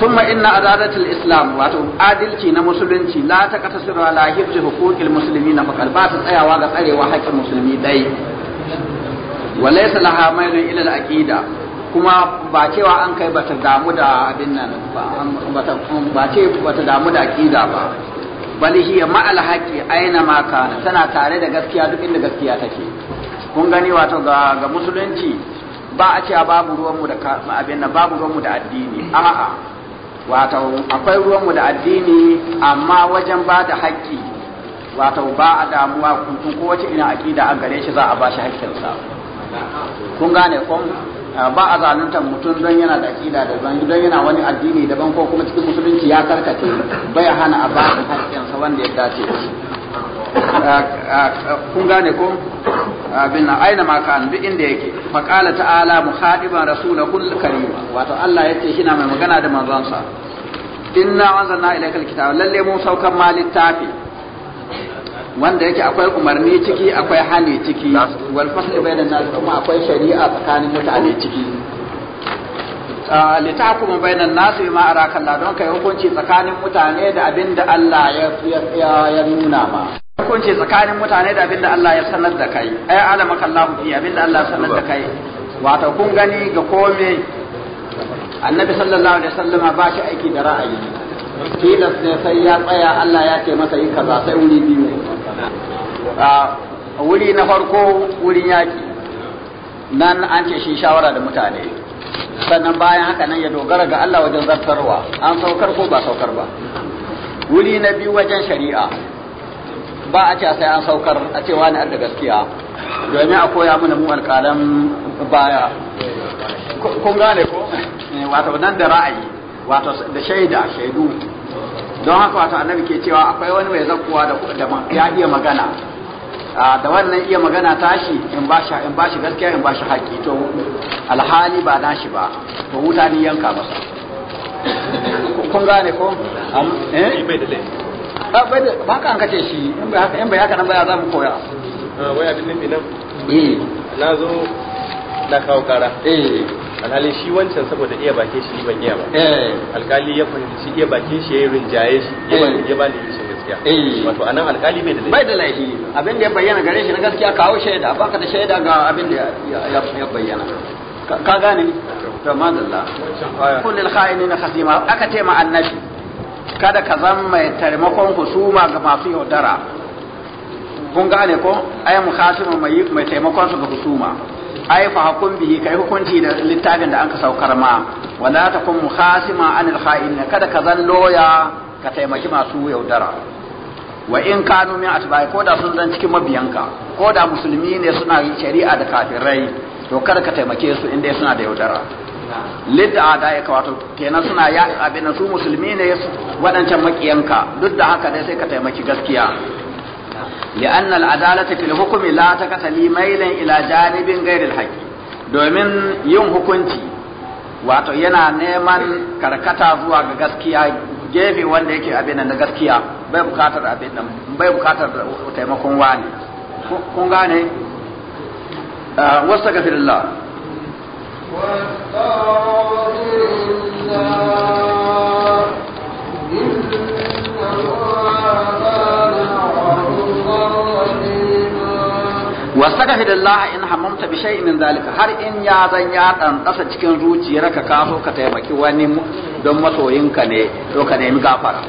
ثم إن عدالة الإسلام واتو مسلمين نمسلمتي لا تكتسر على حفظ حقوق المسلمين فقال بات تسايا واغا تسايا وحق المسلمين داي walaysa laha mailun ila al-aqida kuma ba cewa an kai bata damu da abin nan ba ba ce bata damu da aqida ba bal hiya al haqqi aina ma kana tana tare da gaskiya duk inda gaskiya take kun gani wato ga ga musulunci ba a cewa babu ruwanmu da abin nan babu ruwanmu da addini a'a wato akwai ruwanmu da addini amma wajen ba da haƙƙi wato ba a damuwa kuntun ko wace ina aƙida a gare shi za a ba shi haƙƙinsa kun gane kun ba a zaluntar mutum don yana da aƙida da don yana wani addini daban ko kuma cikin musulunci ya karkace bai hana a hakkin sa wanda ya dace kun gane ko abin aina ma ka bi inda yake fa qala ta'ala muhadiban kull karim wato Allah yace shi na mai magana da manzon sa inna anzalna ilaykal kitaba lalle mun saukan ma littafi wanda yake akwai umarni ciki akwai hali ciki wal fasl bainan nas kuma akwai shari'a tsakanin mutane ciki ah, li tahkuma bainan nas bima araka Allah don kai hukunci tsakanin mutane da abinda Allah ya ya nuna ma hukunci tsakanin mutane da abinda Allah ya sanar da kai ai alama kallahu fi abinda Allah ya sanar da kai wato kun gani ga kome annabi sallallahu alaihi wasallam ba shi aiki da ra'ayi tilas ne sai ya tsaya Allah ya ce masa yi kaza sai wuri biyu wuri na farko wurin yaki nan an ce shi shawara da mutane sannan bayan haka nan ya dogara ga Allah wajen zartarwa an saukar ko ba saukar ba wuri na biyu wajen shari'a ba a ce sai an saukar a ce wani da gaskiya domin a koya mana mu alƙalan baya kun gane ko eh, wato nan da ra'ayi wato da shaida shaidu don haka wato annabi ke cewa akwai wani mai zakkuwa da ya iya magana da wannan iya magana tashi in ba shi in ba shi gaskiya in ba shi haƙi to alhali ba na shi ba to wuta ni yanka masa kun gane ko eh ah, bai da ba ka an kace shi in ba haka in ba haka nan ba za mu koya ah, Waya abin nan eh na zo na kawo kara eh alhali shi wancan saboda iya bakin shi ban iya ba eh. alkali ya fahimci iya bakin shi ya yi rinjaye shi ya ba da rashin gaskiya eh. wato anan alkali bai da laifi bai da laifi abin da ya bayyana gare shi na gaskiya kawo shaida ka da shaida ga abin da ya bayyana ka gane ni to madalla kullil kha'inin khasima aka ce ma annabi kada ka zama mai taimakon husuma ga masu yaudara kun gane ko ayyam khasima mai mai taimakon su ga husuma ai fa hakun bihi kai hukunci da littafin da anka saukar ma wala takum mukhasima anil kha'in kada ka zallo ya ka taimaki masu yaudara wa in kanu min atba'i ko da sun zan cikin mabiyanka ko da musulmi ne suna yin shari'a da kafirai to kada ka taimake su inda suna da yaudara lidda da ya kawato kenan suna ya abin su musulmi ne waɗancan makiyanka duk da haka dai sai ka taimaki gaskiya لأن العدالة في الحكم لا تكتلي ميلا ila جانب غير الحق domin yin hukunci wato yana neman karkata zuwa ga gaskiya gefe wanda yake abin da gaskiya bai bukatar abin nan bai bukatar taimakon wani kun gane ah, wasu gafirullah wasu da Allah in hamamta bi shay'in min zalika har in ya zan ya dan kasa cikin zuciyar ka ka so ka taimaki wani don masoyinka ne to ka nemi gafara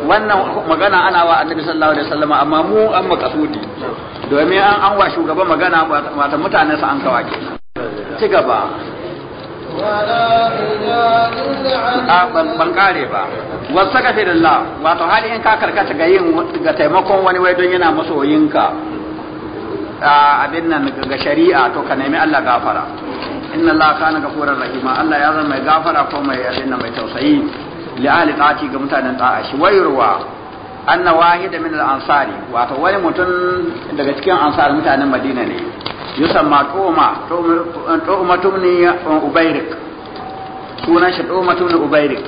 wannan magana ana wa annabi sallallahu alaihi wasallam amma mu an makasudi domin an an wa shugaban magana mata mutanen sa an kawa ke ci gaba a ban kare ba wasu kafe da wato hali in ka karkata ga yin ga taimakon wani wai don yana masoyinka abin nan ga shari'a to ka nemi Allah gafara inna Allah kana furar rahima Allah ya zama mai gafara ko mai abin nan mai tausayi li ahli ta'ati ga mutanen ta'a shi wayurwa anna wahida min al-ansari wato wani mutum daga cikin ansar mutanen Madina ne yusamma tuma tuma tumni ubayrik sunan shi tuma tumni ubayrik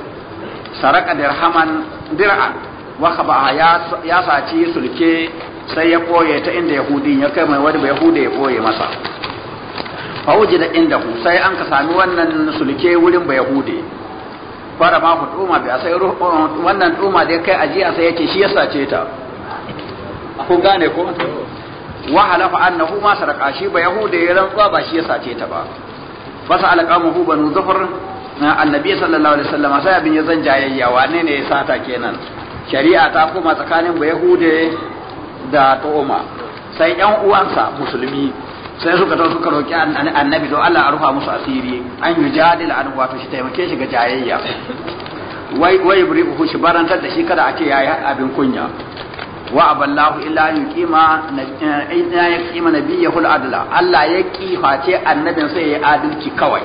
saraka dirhaman dir'an wa khabaha ya saci sulke sai ya ɓoye ta inda yahudin ya kai mai wani ba yahuda ya ɓoye masa fa da inda ku sai an ka sami wannan sulke wurin ba yahude fara ma ku tuma bi sai uh, wannan tuma da kai ajiya sai yace shi ya sace ta ku gane ko wa halafa annahu ma saraka shi ba yahude ya rantsa ba shi ya sace ta ba fasa alqamuhu banu zufar annabi sallallahu alaihi wasallam sai abin ya zan jayayya wane ne ya sata kenan shari'a ta kuma tsakanin ba yahude da ta'oma sai yan uwansa musulmi sai suka tau suka roki annabi to Allah a rufa musu asiri an yi yujadil an wato shi taimake shi ga jayayya wai wai ku shi barantar da shi kada a ce yayi abin kunya wa aballahu illa yuqima na eh, yuqima nabiyahu al-adla Allah ya kiface annabin sai ya adalci kawai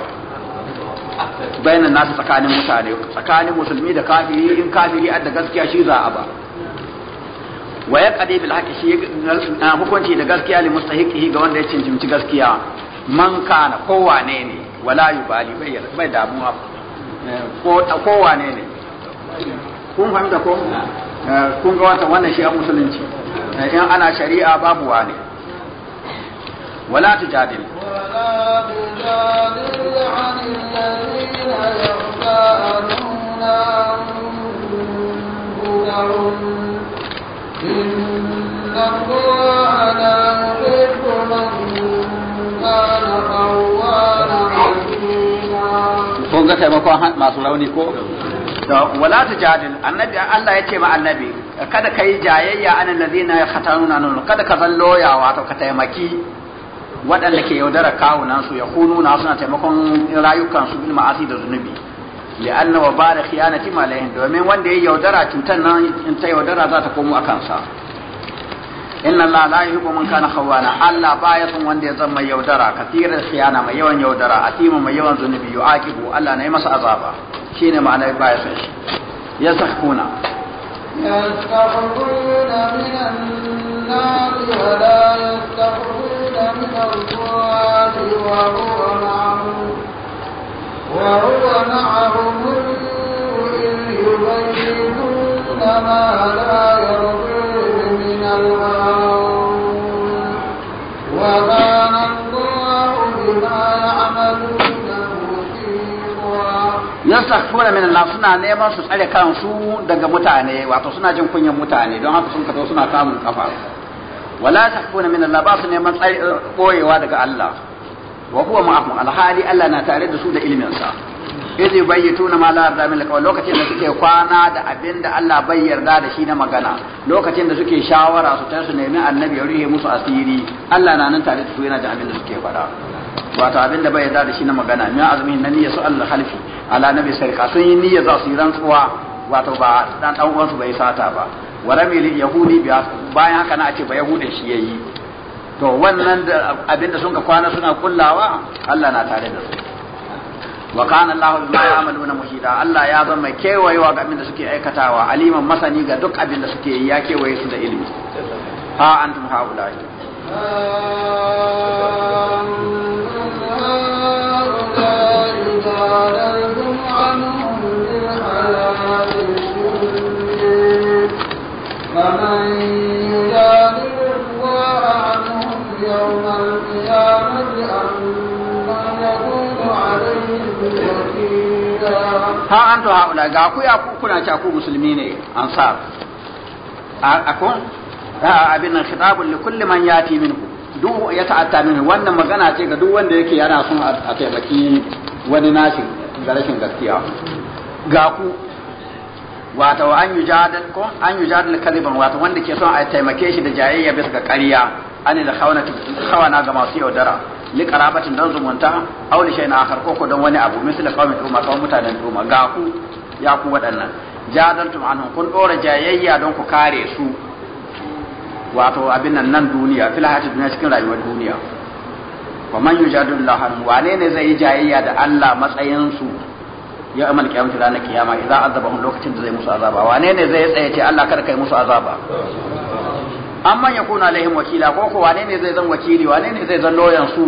bayanan nasu tsakanin mutane tsakanin musulmi da kafiri in kafiri adda gaskiya shi za a ba wa ya kadi bil haqqi shi uh, hukunci da gaskiya li mustahiqihi ga wanda ya cancanci gaskiya man kana ko wane ne wala yubali bai yar bai damuwa eh, ko ta uh, ko wane ne kun fahimta ko eh, kun ga wata wannan shi a musulunci eh, in ana shari'a babu wane wala tujadil wala تجادل عن الذين يختارون Kun ga taimakon masu rauni ko? Wala ta jadil, annabi Allah ya ce ma annabi, kada ka yi jayayya an allazina ya khatanuna kada ka zan loya wato ka taimaki waɗanda ke yaudara kawunansu ya kununa suna taimakon rayukansu bil ma'asi da zunubi. li'anna wa bara khiyanati ma laihin domin wanda ya yaudara cutar nan in ta yaudara za ta komo akan sa inna Allah la yuhibbu hauwa kana Allah baya son wanda ya zama yaudara kathirar khiyana mai yawan yaudara atima mai yawan zunubi yu'aqibu Allah ne masa azaba shine ma'ana baya son shi yasakuna من النار ولا يستخفون من الله وهو معهم وهو معهم إذ يبيتون ما لا يرضيه من القول وكان الله بما يعملون yastakfuna min Allah suna neman su tsare kansu daga mutane wato suna jin kunyan mutane don haka sun kato suna kamun kafa wala takfuna min Allah ba su neman koyewa daga Allah wa huwa ma'ahum alhali Allah na tare da su da ilmin sa iz yubayyituna ma la yarda min alqawl lokacin da suke kwana da abinda Allah bai yarda da shi na magana lokacin da suke shawara su su nemi annabi ya ruhe musu asiri Allah na nan tare da su yana da abinda suke faɗa wato abinda bai yarda da shi na magana min azmin nan su Allah halifi ala nabi sarika sun yi niyya za su yi rantsuwa wato ba dan dan uwansu bai sata ba warami yahudi bayan haka na a ce ba yahudin shi yayi to wannan da abinda sun ka kwana suna kullawa Allah na tare da su wa kana Allah bima ya'maluna muhida Allah ya zama kewayewa ga abinda suke aikatawa aliman masani ga duk abinda suke yi ya kewaye su da ilimi ha antum haula'i فمن ha an to haula ga ku ya ku kuna cha ku musulmi ne ansar akon abin nan khitabun li kulli man yati minku duk ya ta'atta min wannan magana ce ga duk wanda yake yana son a taimaki wani nashi ga rashin gaskiya ga ku wato an yujadal ko an yujadal kaliban wato wanda ke son a taimake shi da jayayya bisa ga ƙarya ani da khawana khawana ga masu yaudara li qarabatin dan zumunta aw li shay'in akhar ko dan wani abu misali qawmi duma kawai mutanen duma ga ku ya ku wadannan jadaltum anhum kun dora jayayya don ku kare su wato abin nan nan duniya fil hayati duniya cikin rayuwar duniya wa man yujadilu Allah wane ne zai yi jayayya da Allah matsayin su ya amal kiyamata ranar kiyama idan azabahum lokacin da zai musu azaba wane ne zai tsaye ce Allah kada kai musu azaba amma ya kuna alaihim wakila ko ko wane ne zai zan wakili wane ne zai zan loyan su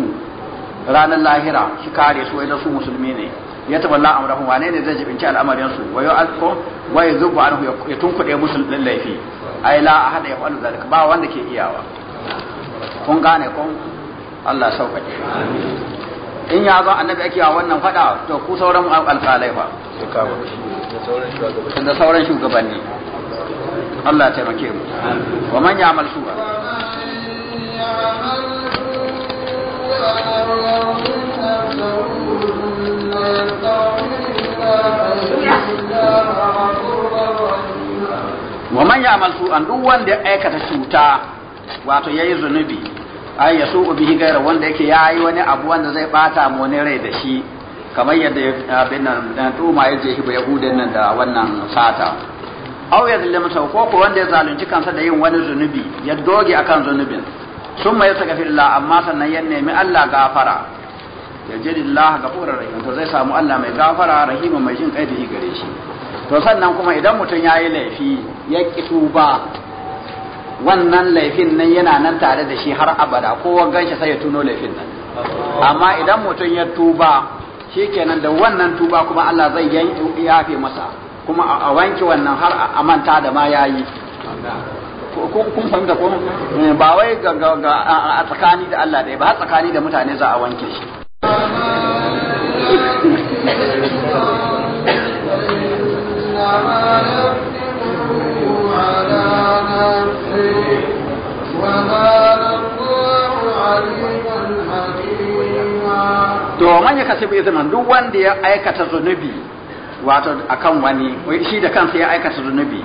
ranar lahira shi kare su idan su musulmi ne ya taballa amrahum wane ne zai jibinci al'amarin su wayo alko wayo zubu anhu ya tunkuɗe musulmin laifi ai la ahada ya falu zalika ba wanda ke iyawa kun gane kun Allah sauƙaƙe in ya zo annabi ake wa wannan fada to ku sauran alƙalai fa da sauran shugabanni Allah ya taimake mu wa man ya'mal su'a wa man ya'mal su'an duk wanda ya aikata cuta wato yayi zunubi ai ya so bihi gaira wanda yake yayi wani abu wanda zai bata mu ne rai da shi kamar yadda abin nan da tuma yaje hibu yahudan nan da wannan sata aw sa ko ko wanda ya zalunci kansa da yin wani zunubi ya doge akan zunubin summa yastaghfirullah amma sannan ya nemi Allah gafara ya jiri gafurar rahim to zai samu Allah mai gafara rahima mai jin kai da gare shi to sannan kuma idan mutum ya yi laifi ya ki tuba wannan laifin nan yana nan tare da shi har abada kowa ganshi sai ya tuno laifin nan amma idan mutum ya tuba shikenan da wannan tuba kuma Allah zai yafe masa kuma a wanke wannan har a manta da ma ya yi. kun fahimta ko eh, ba wai ga a tsakani da Allah ɗaya ba a tsakani da mutane za a wanke shi To manya ya kasu bi duk wanda ya aikata zunubi wato akan wani shi da kansa ya aikata zunubi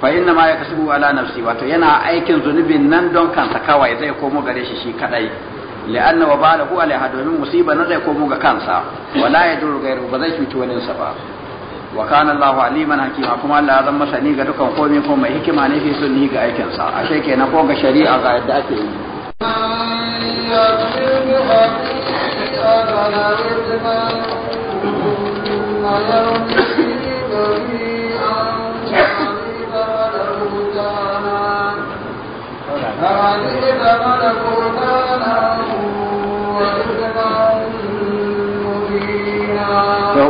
fa inna ma yakasubu ala nafsi wato yana aikin zunubin nan don kansa kawai zai komo gare shi shi kadai li'anna wa balahu alaiha domin musiba na zai komo ga kansa wala yadur gairu ba zai cuci wani sa ba wa kana Allahu aliman hakima kuma Allah ya zama sani ga dukan komai ko mai hikima ne fi sunni ga aikin sa a ashe kenan ko ga shari'a ga yadda ake yi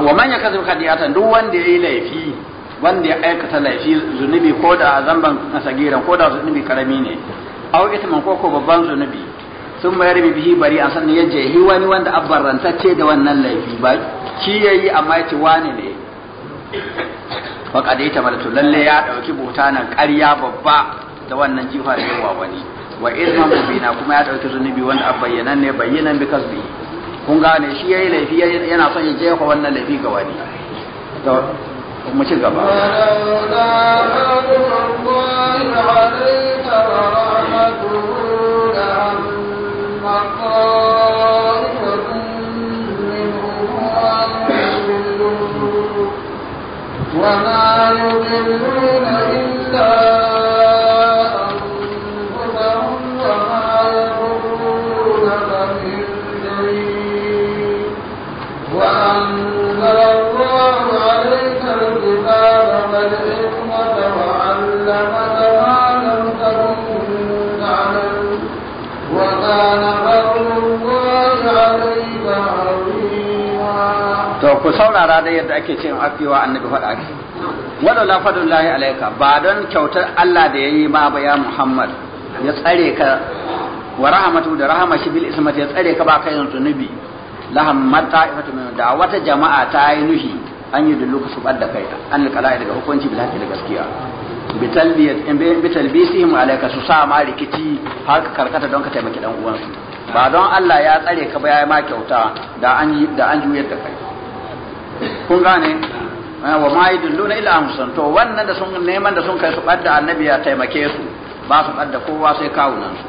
wa man ya kazu duk wanda yi laifi wanda ya aikata laifi zunubi ko da zamban sagiran ko da zunubi karami ne au itman ko ko babban zunubi sun mayar bihi bari a sanne ya hi wani wanda abbarantacce da wannan laifi ba shi yayi amma yace wani ne wa qadaita malatu lalle ya dauki butanan ƙarya babba da wannan jifa da yawa wani wa izman mubina kuma ya dauki zunubi wanda abayyanan ne bayyanan bi kasbi kun gane shi yayi laifi yana son ya jefa wannan laifi ga wani mu ci gaba Oh. وما يضلون إلا ku saurara da yadda ake cewa afiwa annabi faɗa ake wala la fadullahi alayka ba don kyautar Allah da yayi ma ba ya Muhammad ya tsare ka wa rahmatu da rahama shi bil ismati ya tsare ka ba kai nabi laham mata ifatu min da wata jama'a ta yi nuhi an yi dullu ka subar da kai an kala daga hukunci bil haqqi da gaskiya bi talbiyat bi talbisihim alayka su sa ma rikici har ka karkata don ka taimaki dan uwansu ba don Allah ya tsare ka ba ya ma kyauta da an da an juyar da kai kun gane eh, wa ma dunduna ila amsan to wannan da sun neman da sun kai su ɓadda annabi ya taimake su ba su ɓadda kowa sai kawunan su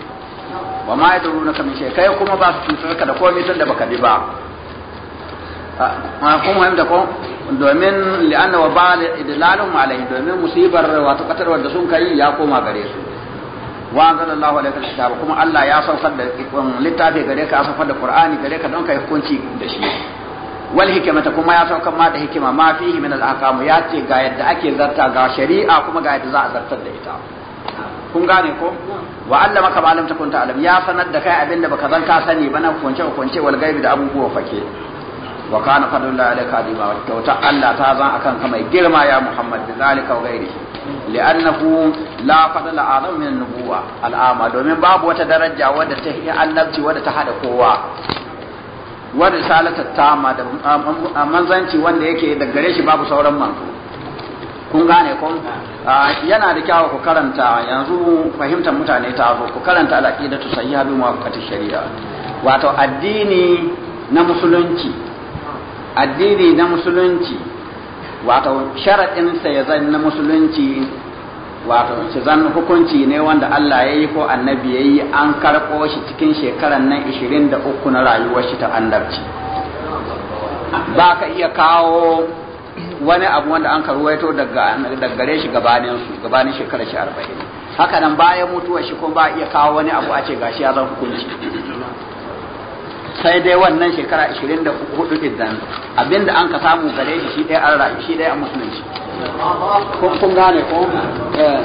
wa ma yaduruna kamin shi kai kuma ba su cutar ka da komai da baka bi ba ma ah, ah, kun fahimta ko domin li'anna wa ba'al idlalum alayhi domin musibar wato katarwar da sun kai ya koma gare su wa anzalallahu alayka alkitaba kuma Allah ya saukar da um, littafi gare ka a saukar da Qur'ani gare ka don kai hukunci da shi wal hikimata kuma ya saukan ma da hikima ma fihi min al aqamu ya ce ga yadda ake zarta ga shari'a kuma ga yadda za a zartar da ita kun gane ko wa Allah maka ba alam takun ta'lam ya sanar da kai abinda baka zan ka sani ba na kunce kunce wal gaibi da abubuwa fake wa kana fadlullahi alayka adima ta Allah ta zan akan ka mai girma ya Muhammad bi zalika wa ghairihi li'annahu la fadla azam min nubuwa al'ama domin babu wata daraja wadda ta annabci wadda ta hada kowa wa risalata tama da manzanci wanda yake da gare shi babu sauran manzo kun gane kun ah. ah, yana da kyawu ku karanta yanzu fahimtar mutane ta zo ku karanta al-aqidatu sahiha bi muwaqqati shari'a wato addini na musulunci addini na musulunci wato sharadin sa ya zan na musulunci wato ki zan hukunci ne wanda Allah ya yi ko annabi ya yi an karɓo shi cikin shekaran nan 23 na rayuwar shi ta andarci ba ka iya kawo wani abu wanda an karuwaito daga gare shi gabanin su gabanin shekarar shi 40 haka nan bayan mutuwar shi kuma ba iya kawo wani abu a ce gashi ya zan hukunci sai dai wannan shekara 24 din nan abinda an ka samu gare shi shi dai an rayu shi dai an musulunci ko kun gane ko eh.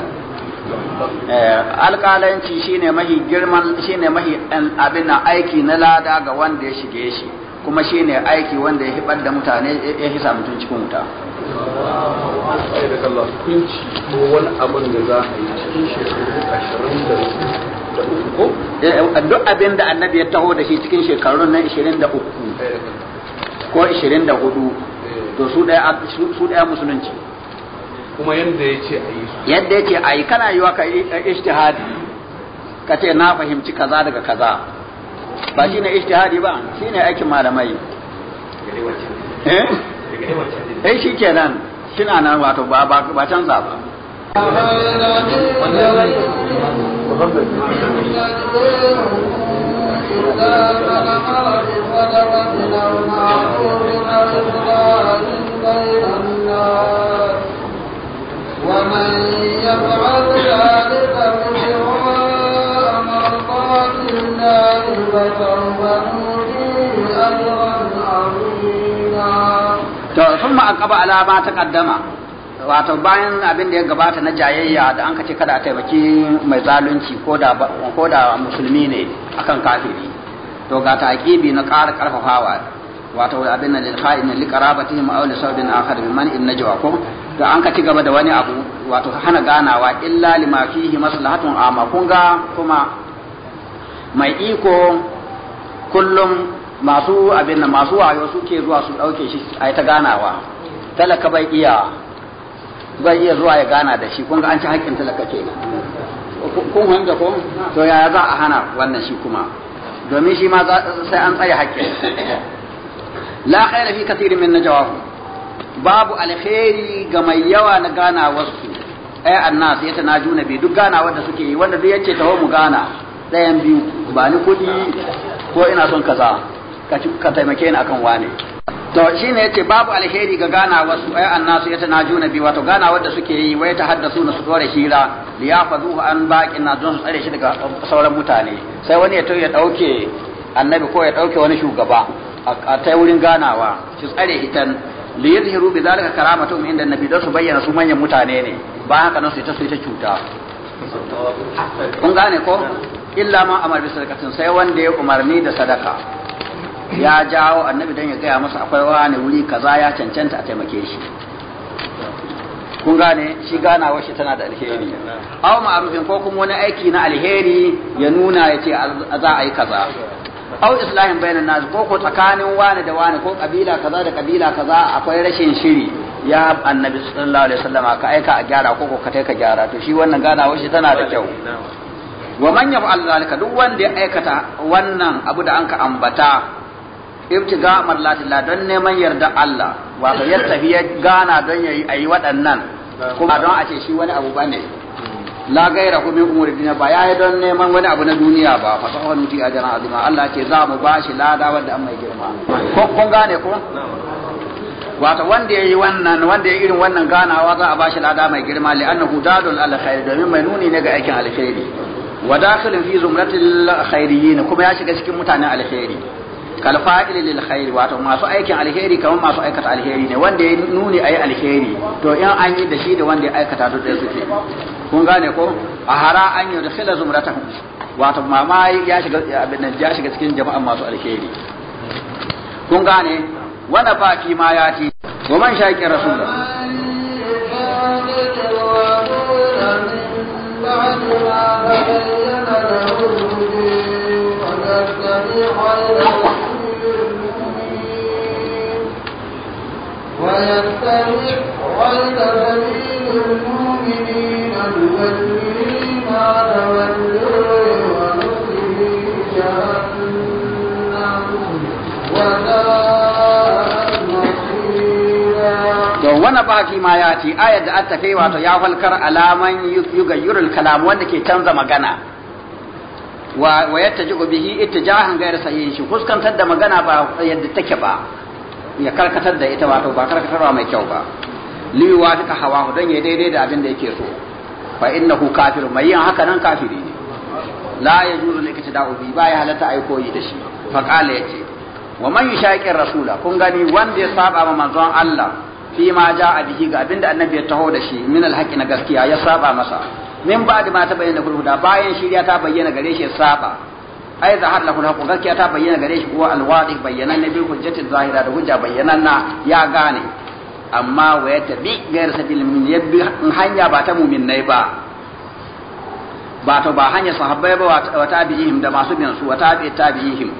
Eh, alƙalanci shine mahi girman shine mahi eh, abin aiki na lada ga wanda ya shige shi kuma shine aiki wanda ya hibar da mutane ya hisa mutum cikin wuta sai da wani abin da za a yi cikin shekaru ashirin da uku duk abin da annabi ya taho da shi cikin shekarun na ashirin da uku ko ashirin da hudu to su daya musulunci kuma yadda ya ce a yi su yadda ya ce a yi kana wa ka eh, ishtihadi ka ce na fahimci kaza daga kaza ba shi ne ishtihadi ba shi ne aikin malamai eh eh shi kenan kina nan wato ba ba canza ba Thank you. ومن يفعل ma ابتغاء مرضات wato bayan abin da ya gabata na jayayya da an kace kada a taimaki mai zalunci ko da musulmi ne akan kafiri to ga taƙibi na ƙara ƙarfafawa wato abin nan lil kha'in li qarabatihim aw li sawbin akhar bi man in najwa ko to an ka ci gaba da wani abu wato hana ganawa illa lima fihi maslahatun amma kun ga kuma mai iko kullum masu abin nan masu wayo suke zuwa su dauke shi ai ta ganawa talaka bai iya bai iya zuwa ya gana da shi kun ga an ci haƙƙin talaka ke kun hanga ko to yaya za a hana wannan shi kuma domin shi ma sai an tsaya haƙƙin la khaira fi kathirin min najawahum babu alkhairi ga mai yawa na gana wasu ai annas ya tanajuna bi duk gana wanda suke yi wanda duk yace taho mu gana dayan biyu ba ni kudi ko ina son kaza ka taimake akan wane to shine yace babu alheri ga gana wasu ay annasu yatanajuna bi wato gana wanda suke yi wai ta haddasu na su dore hira liyafazuhu an baqin na don su tsare shi daga sauran mutane sai wani ya to ya dauke annabi ko ya ɗauke wani shugaba a ta wurin ganawa su tsare hitan li yadhhiru bi zalika karamatuhum inda nabi da su bayyana su manyan mutane ne ba haka nan su ta su ta cuta kun gane ko illa ma amar bi sadaqatin sai wanda ya umarni da sadaka ya jawo annabi dan ya gaya masa akwai wani wuri kaza ya cancanta a taimake shi kun gane shi ganawar shi tana da alheri aw ma'rufin ko kuma wani aiki na alheri ya nuna ya ce za a yi kaza au islahin bainan nas ko ko tsakanin wani da wani ko kabila kaza da kabila kaza akwai rashin shiri ya annabi sallallahu alaihi wasallam ka aika a gyara ko ko ka ka gyara to shi wannan ganawa shi tana da kyau wa man yaf'al zalika duk wanda ya aikata wannan abu da anka ambata ibtiga marlatillah don neman yarda Allah wa ya tafi gana don yayi ayi waɗannan kuma don a ce shi wani abu bane la gaira hu min umuri dunya ba yayi don neman wani abu na duniya ba fa sahwan a ajran azima Allah ce za mu bashi lada wanda an mai girma ko kun gane ko wato wanda yayi wannan wanda yayi irin wannan ganawa za a bashi lada mai girma li annahu dadun al khair domin mai nuni ne ga aikin alkhairi wa dakhilin fi zumratil khairiyin kuma ya shiga cikin mutanen alkhairi kal fa'il lil khair wato masu aikin alkhairi kamar masu aikata alkhairi ne wanda ya nuni ayi alkhairi to in an yi da shi da wanda ya aikata to sai suke kun gane ko a hara an yi da khila zumrata wato mama ya shiga abin ya shiga cikin jama'an masu alheri kun gane wanda ba ma ya ti wa man shaqi rasulullah بعد ويتبع غير سبيل baki ma ya ce ayat da an kai wato ya falkar alaman yugayyurul kalam wanda ke canza magana wa yattaji bihi ittijahan gairar sahihin shi kuskantar da magana ba yadda take ba ya karkatar da ita wato ba karkatarwa mai kyau ba liyu wa duka hawa don ya daidai da abin da yake so fa innahu kafir mai yin haka nan kafiri ne la yajuzu da bi ba ya halatta ai koyi da shi fa qala yace wa man yushaqiq rasula kun gani wanda ya saba ma manzon Allah fi ma ja'a bihi ga abinda annabi ya taho da shi min alhaqi na gaskiya ya saba masa min ba da ma ta bayyana kulhuda bayan shirya ta bayyana gare shi ya saba ai har lahu ko gaskiya ta bayyana gare shi kuwa alwadi ne bil hujjati zahira da hujja na ya gane amma wa yatabi gair sabil min yabbi hanya ba ta nai ba ba ta ba hanya sahabbai ba wa tabi'ihim da masu bin su wa tabi'i tabi'ihim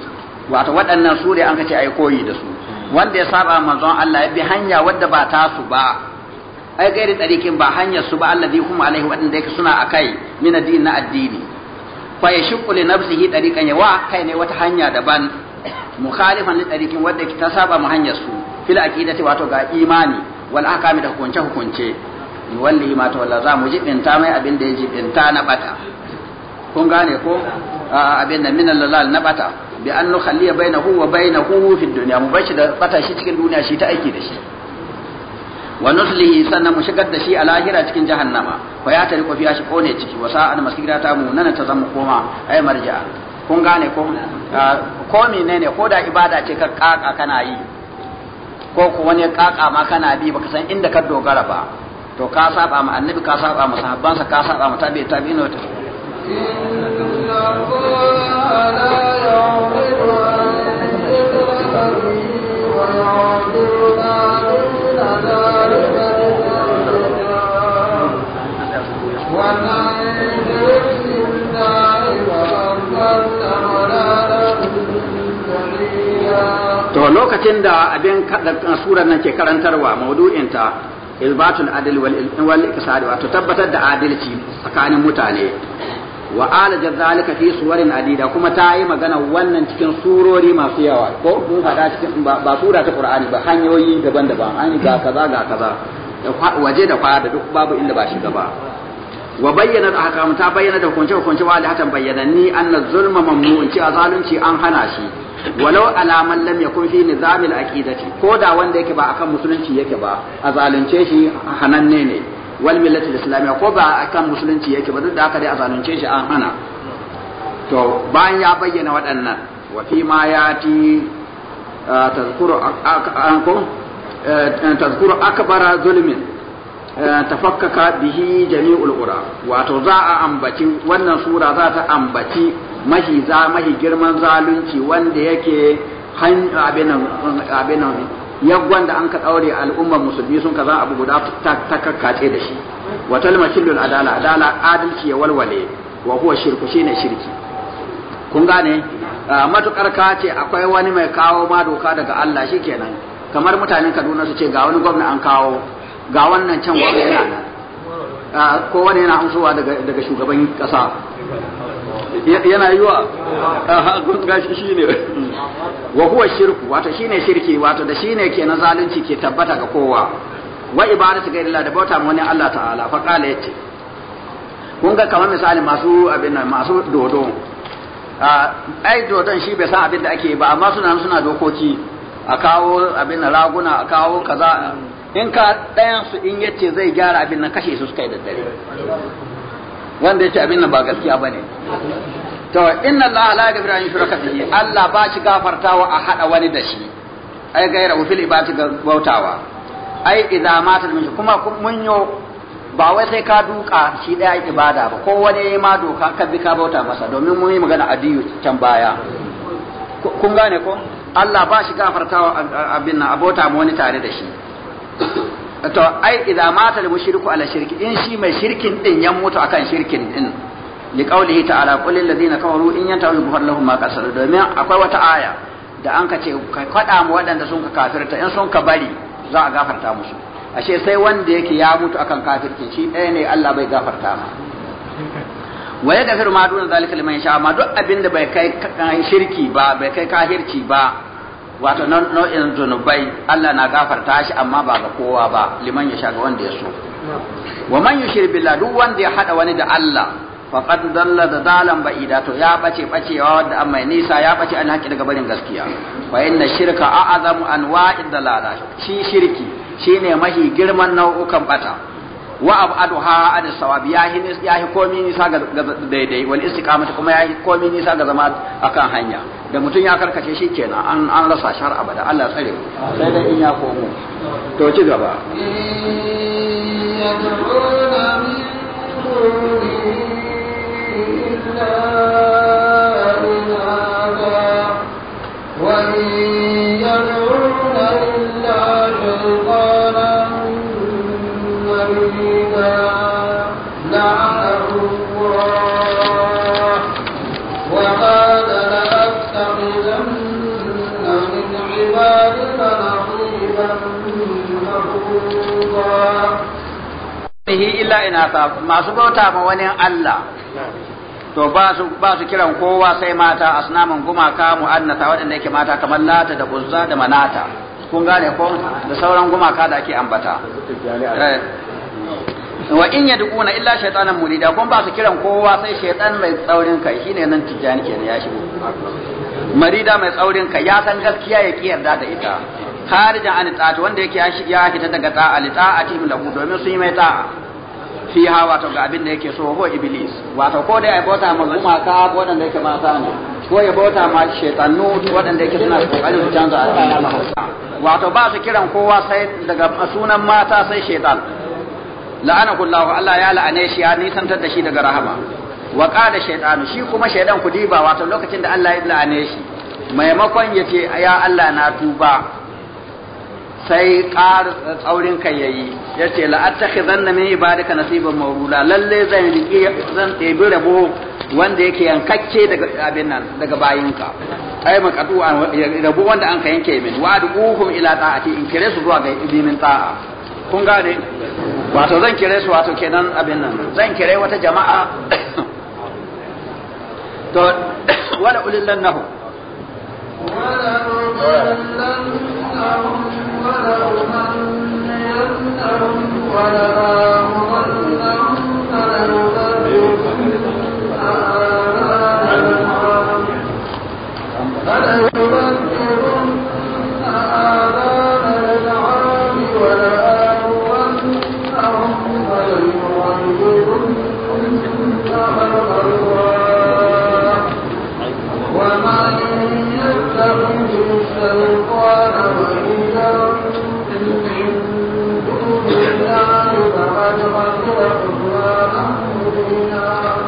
wato waɗannan su ne an kace ai koyi da su wanda ya saba manzon Allah ya bi hanya wadda ba ta su ba ai gairi tsarikin ba hanyar su ba alladhi hum alaihi wadanda yake suna akai min addini na addini fa yashqu li nafsihi tariqan yawa kai ne wata hanya daban mukhalifan li tariqin wadda ta saba mu hanyar su fil aqidati wato ga imani wal ahkami da hukunce hukunce wallahi ma tawalla za mu jibinta mai abin da ya jibinta na bata kun gane ko abin da min lalal na bata bi an nukhalliya bainahu wa bainahu fi dunya mu bashi da bata shi cikin duniya shi ta aiki da shi wa nuslihi sannan mu shigar da shi a lahira cikin jahannama fa ya tari kofi a shi kone ciki wa sa'an masira ta mu nan ta zama koma ai marja kun gane ko ah, ko menene ko da ibada ce ka kaka kana yi ko ko wani kaka ma kana bi baka san inda ka dogara ba to ka saba ma annabi ka saba ma sahabbansa ka saba ma tabi'i tabi'i wa wata lokacin da abin surar nan ke karantarwa maudu'inta ilbatul adil wal iktisad wa tabbatar da adalci tsakanin mutane wa alaja zalika fi suwarin adida kuma ta yi magana wannan cikin surori masu yawa ko mun hada cikin ba sura ta qur'ani ba hanyoyi daban-daban an ga kaza ga kaza waje da fara duk babu inda ba shi gaba wa bayyana da hakamu ta bayyana da hukunce hukunce wa alhatan ni anna zulma mamnu'un cewa zalunci an hana shi walau alaman lam yakun fi nizamil aqidati ko da wanda yake ba akan musulunci yake ba azalince shi hananne ne wal millati islamiyya ko ba akan musulunci yake ba duk da haka dai azalince shi an hana to bayan ya bayyana waɗannan wa fi ma yati tazkuru ankum tazkuru akbara zulmin tafakkaka bihi jami'ul qura wato za a ambaci wannan sura za ta ambaci mahi za mahi girman zalunci wanda yake abinan abinan yaggon da an ka daure al'ummar musulmi sun ka abu guda ta kakkace da shi wa talmashillul adala adala adalci ya walwale wa huwa shirku shine shirki kun gane matukar ka ce akwai wani mai kawo ma doka daga Allah shikenan kamar mutanen Kaduna su ce ga wani gwamna an kawo ga wannan can wani yana ko wani yana amsowa daga shugaban kasa yana yiwa shi ne, wa huwa shirku wato ne shirki wato da shi ne ke na zalunci ke tabbata ga kowa wa ibadatu ga illa da bauta wani Allah ta'ala fa qala yace kun ga kamar misali masu abin nan masu dodo ai dodon shi bai san abin da ake ba amma suna suna dokoki a kawo abin nan raguna a kawo kaza in ka ɗayan su in yace zai gyara abin nan kashe su suka yi da dare wanda yace abin nan ba gaskiya bane to inna Allah la yaghfiru an yushraka bihi Allah ba shi gafartawa a hada wani da shi ai gaira fil ibati bautawa ai idza mata min kuma mun yo ba wai sai ka duka shi daya ibada ba ko wani ma doka ka bi ka bauta masa domin mun yi magana adiyu can baya kun gane ko Allah ba shi gafartawa abin nan abota mu wani tare da shi to ai idza mata al mushriku ala shirki in shi mai shirkin din ya mutu akan shirkin din li qawlihi ta'ala qul lil ladina kafaru in yantahu yughfar lahum ma qasara domin akwai wata aya da an ka ce ka mu waɗanda sun ka kafirta in sun ka bari za a gafarta musu ashe sai wanda yake ya mutu akan kafircin shi ɗaya ne Allah bai gafarta ma wa ya ma duna zalika liman sha ma duk abinda bai kai shirki ba bai kai kafirci ba wato nau'in zunubai Allah na gafarta shi amma ba ga kowa ba liman ya shaga wanda ya so wa man yushir billah duk wanda ya hada wani da Allah qad dalla da dalan ba'ida to ya bace bacewa wanda an mai nisa ya bace an haƙi daga barin gaskiya fa inna shirka a'azamu anwa'id dalala shi shirki shine mahi girman nau'ukan bata wa ab'aduha an sawabi ya hi ya hi komi nisa ga daidai wal istiqamati kuma ya hi komi nisa ga zama akan hanya da mutun ya karkace shi kenan an an rasa shar abada Allah tsare sai dai in ya komo to ci gaba وإن illa inasa masu bauta ma wani Allah to ba su ba su kiran kowa sai mata asnaman gumaka mu'annata waɗanda yake mata kamar lata da buzza da manata kun gane ko da sauran gumaka da ake ambata eh. wa in yad'una illa shaytanan murida kun ba su kiran kowa sai shaytan mai tsaurin kai shine nan tijani kenan ya shigo marida mai tsaurin kai ya san gaskiya ya ki yarda da ita kharijan an ta'ati wanda yake ya fita daga ta'ati li ta'atihim lahu domin su yi mai ta'a fiha wato ga abin da yake so ko iblis wato ko da ya bota ma gumaka ko da yake mata ne ko ya bota ma shaytanu da yake suna kokarin su canza addini na hausa wato ba su kiran kowa sai daga sunan mata sai shaytan la'anahu Allah Allah ya la'ane shi ya nisantar da shi daga rahama wa qala shaytanu shi kuma shaydan ku diba wato lokacin da Allah ya la'ane shi maimakon yace ya Allah na tuba sai ƙar tsaurin kai yayi ya ce la'attakhizan na min ibadika nasiban mawrula lalle zan riƙe zan ɗebi rabo wanda yake yankakke daga abin nan daga bayinka ai makatu an rabo wanda an ka yanke min wa aduhum ila ta'ati in kire su zuwa ga ibimin ta'a kun gane wato zan kire su wato kenan abin nan zan kire wata jama'a to wala ulil lanahu wala ulil lanahu ولا أمرنهم فلنبذن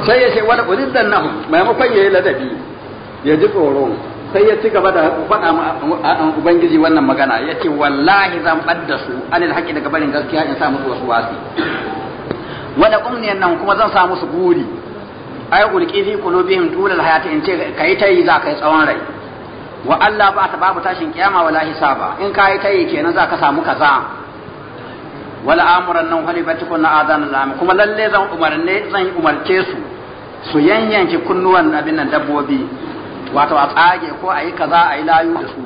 sai ya ce ƙudin uzillan nan maimakon ya yi ladabi ya ji tsoro sai ya ci gaba da faɗa ubangiji wannan magana ya ce wallahi zan ɓadda su anil haƙi daga barin gaskiya in sa musu wasu wasi wala umniyan nan kuma zan sa musu buri ay ulqi fi qulubihim tulal hayati in ce kai tayi za kai tsawon rai wa Allah ba ta babu tashin kiyama wala hisaba in kai tayi kenan za ka samu kaza wala amuran nan halibatukun na adana lami kuma lalle zan umarne zan umarce su su yanyanki kunnuwan abin nan dabbobi wato a tsage ko a yi kaza a yi layu da su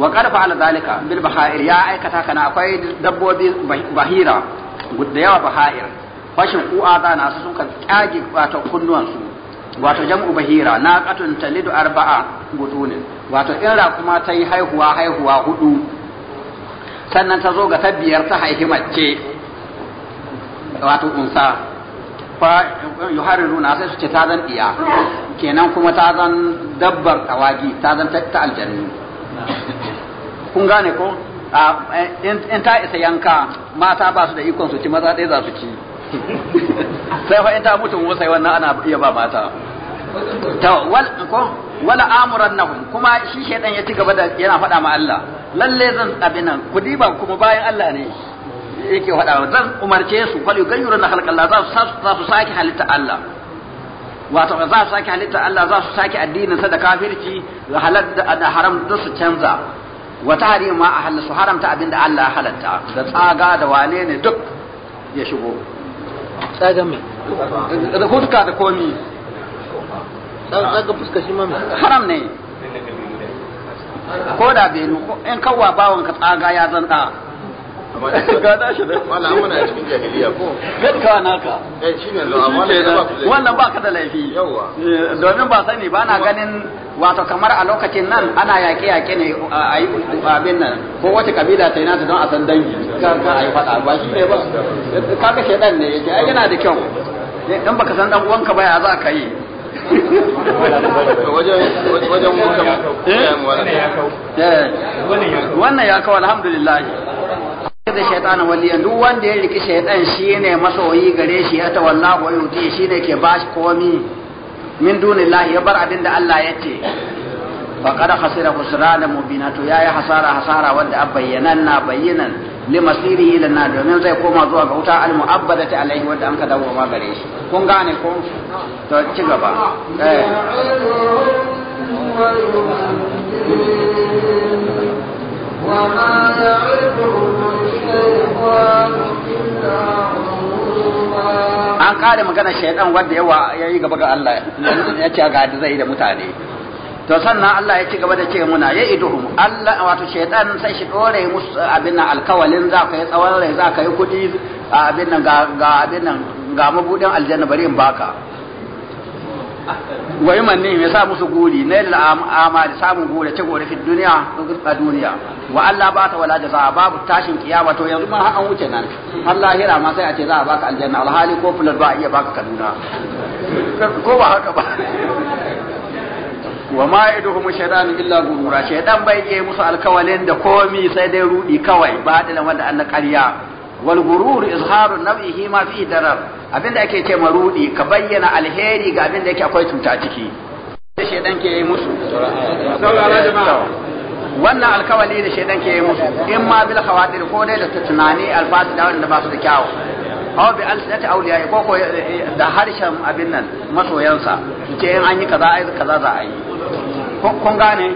wa karfa ala zalika bil bahair ya aikata kana akwai dabbobi bahira da yawa bahair fashin ku'a na su suka tsage wato kunnuwan su wato jam'u bahira na qatun talidu arba'a gutunin wato in kuma ta yi haihuwa haihuwa hudu sannan ta zo ga tabbiyar ta haihi mace wato unsa fa yuharruna sai su ce ta zan iya kenan kuma ta zan dabbar tawagi ta zan ta aljanni kun gane ko eh, in ta isa yanka mata ba su da ikon su ci maza ɗaya za su ci sai fa in ta mutu wasai wannan ana iya ba mata ta wal ko wala amuran nahum kuma shi shedan ya ci gaba da yana faɗa ma Allah lalle zan abinan kudi ba kuma bayan Allah ne yake faɗa zan umarce su fal yughayyiru na khalqa Allah za su su saki halitta Allah wato za su saki halitta Allah za su saki addinin sa da kafirci da halal da haram da su canza wa tahrim ma ahalla su haramta abinda Allah ya halatta da tsaga da wane ne duk ya shigo tsaga me da huska da komi tsaga fuska shi ma haram ne ko da benu in kawwa bawon ka tsaga ya zan ka dashi da wala amana cikin jahiliya ko gadka naka eh shine wannan ba ka da laifi yawa eh, domin ba sani ba na ganin wato kamar a lokacin nan ana yaƙe yaƙe ne a yi abin nan ko wace kabila ta yana don a san dangi ka ka a yi faɗa ba shi ne eh, ba kaga shedan ne yake ai yana da kyau eh, dan baka san dan uwanka ba ya za ka yi wajen wannan ya kawo alhamdulillah da shaitan waliyan duk wanda ya riki shaitan shine masoyi gare shi ya tawalla wa yuti shine ke shi komi min dunillahi ya bar abin da Allah ya ce faqad khasira khusrana mubina to yayi hasara hasara wanda abayyanan na bayyanan li masiri ila na domin zai koma zuwa ga wuta al mu'abbadati alaihi wanda an ka dawo ma gare shi kun gane ko to ci gaba eh وما يعلم an kare magana shaidan wanda yawa ya yi gaba ga Allah ya ce ga zai da mutane to sannan Allah ya ci gaba da ce muna ya iduhum Allah wato shaidan sai shi dore musu abin nan alkawalin za ka yi tsawon rai za ka yi kuɗi abin nan ga abin nan ga mabudin aljanna bari in baka wa man ne sa musu guri na yadda amma da samun guri ci gori duniya a duniya wa Allah ba ta wala da za babu tashin kiyama to yanzu ma an wuce nan Allah hira ma sai a ce za a baka aljanna alhali ko fulal ba a iya baka kaduna ko ba haka ba wa ma iduhum shaytan illa gurura shaytan bai ke musu alkawalin da komi sai dai rudi kawai ba da wanda Allah ƙarya wal gurur izharu naw'ihi ma fi darar abinda ake ce marudi ka bayyana alheri ga abinda yake akwai cuta ciki da shedan ke yi musu wannan alkawali da shedan ke yi musu in ma bil khawatir ko dai da tunani alfasu da wanda ba su da kyawu aw bi alsinati awliya ko ko eh, da harshen abin nan masoyansa ce in an yi kaza ai kaza za a yi kun gane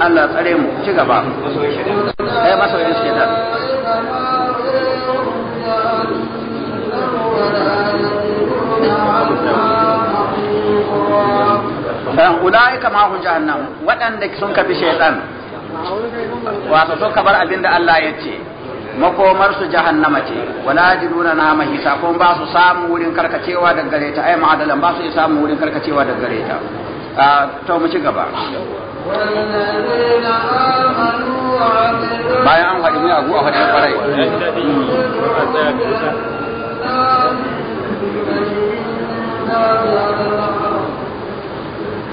Allah tsare mu ci gaba eh masoyin shedan ulaika ma hu jahannam waɗanda sun kafi shaytan wato sun kabar abinda Allah ya ce makomar su jahannama ce wala jiduna na ma hisa kun ba su samu wurin karkacewa da gare ta ai ma'adalan ba su samu wurin karkacewa da gare ta ah, to mu ci gaba bayan an faɗi mu a faɗin kwarai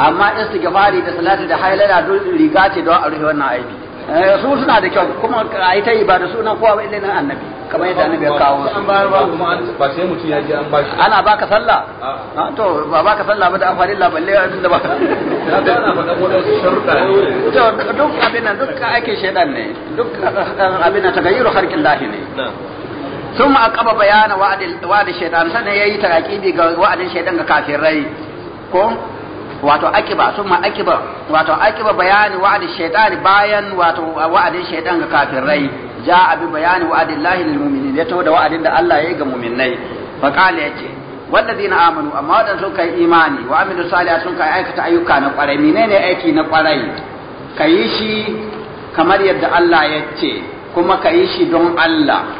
amma istighfari da salati da hailala duk riga ce don a rufe wannan aibi eh, su suna da kyau kuma a yi ta yi ba da sunan kowa ba ilin annabi kamar yadda annabi ya kawo su ba sai mutum ya ji an ba shi ana baka sallah ah. Ah, to ba baka sallah ba da amfani Allah balle tunda ba to duk abin nan duk ake shedan ne duk eh, abin nan tagayyuru harkin lahi ne ثم أقب بيان وعد وعد الشيطان سنة يأتي تراكيبي وعد الشيطان كافر رأي كم wato akiba ma akiba wato akiba bayani wa'adi shaitan bayan wato wa'adin shaitan ga kafirai ja abi bayani wa'adi Allah lil mu'minin ya da wa'adin da Allah ya yi ga mu'minai fa qala yace walladina amanu amma wadan sun kai imani wa amilu salihat sun kai aikata ayyuka na kwarai menene aiki na kwarai kayi shi kamar yadda Allah ya ce kuma kayi shi don Allah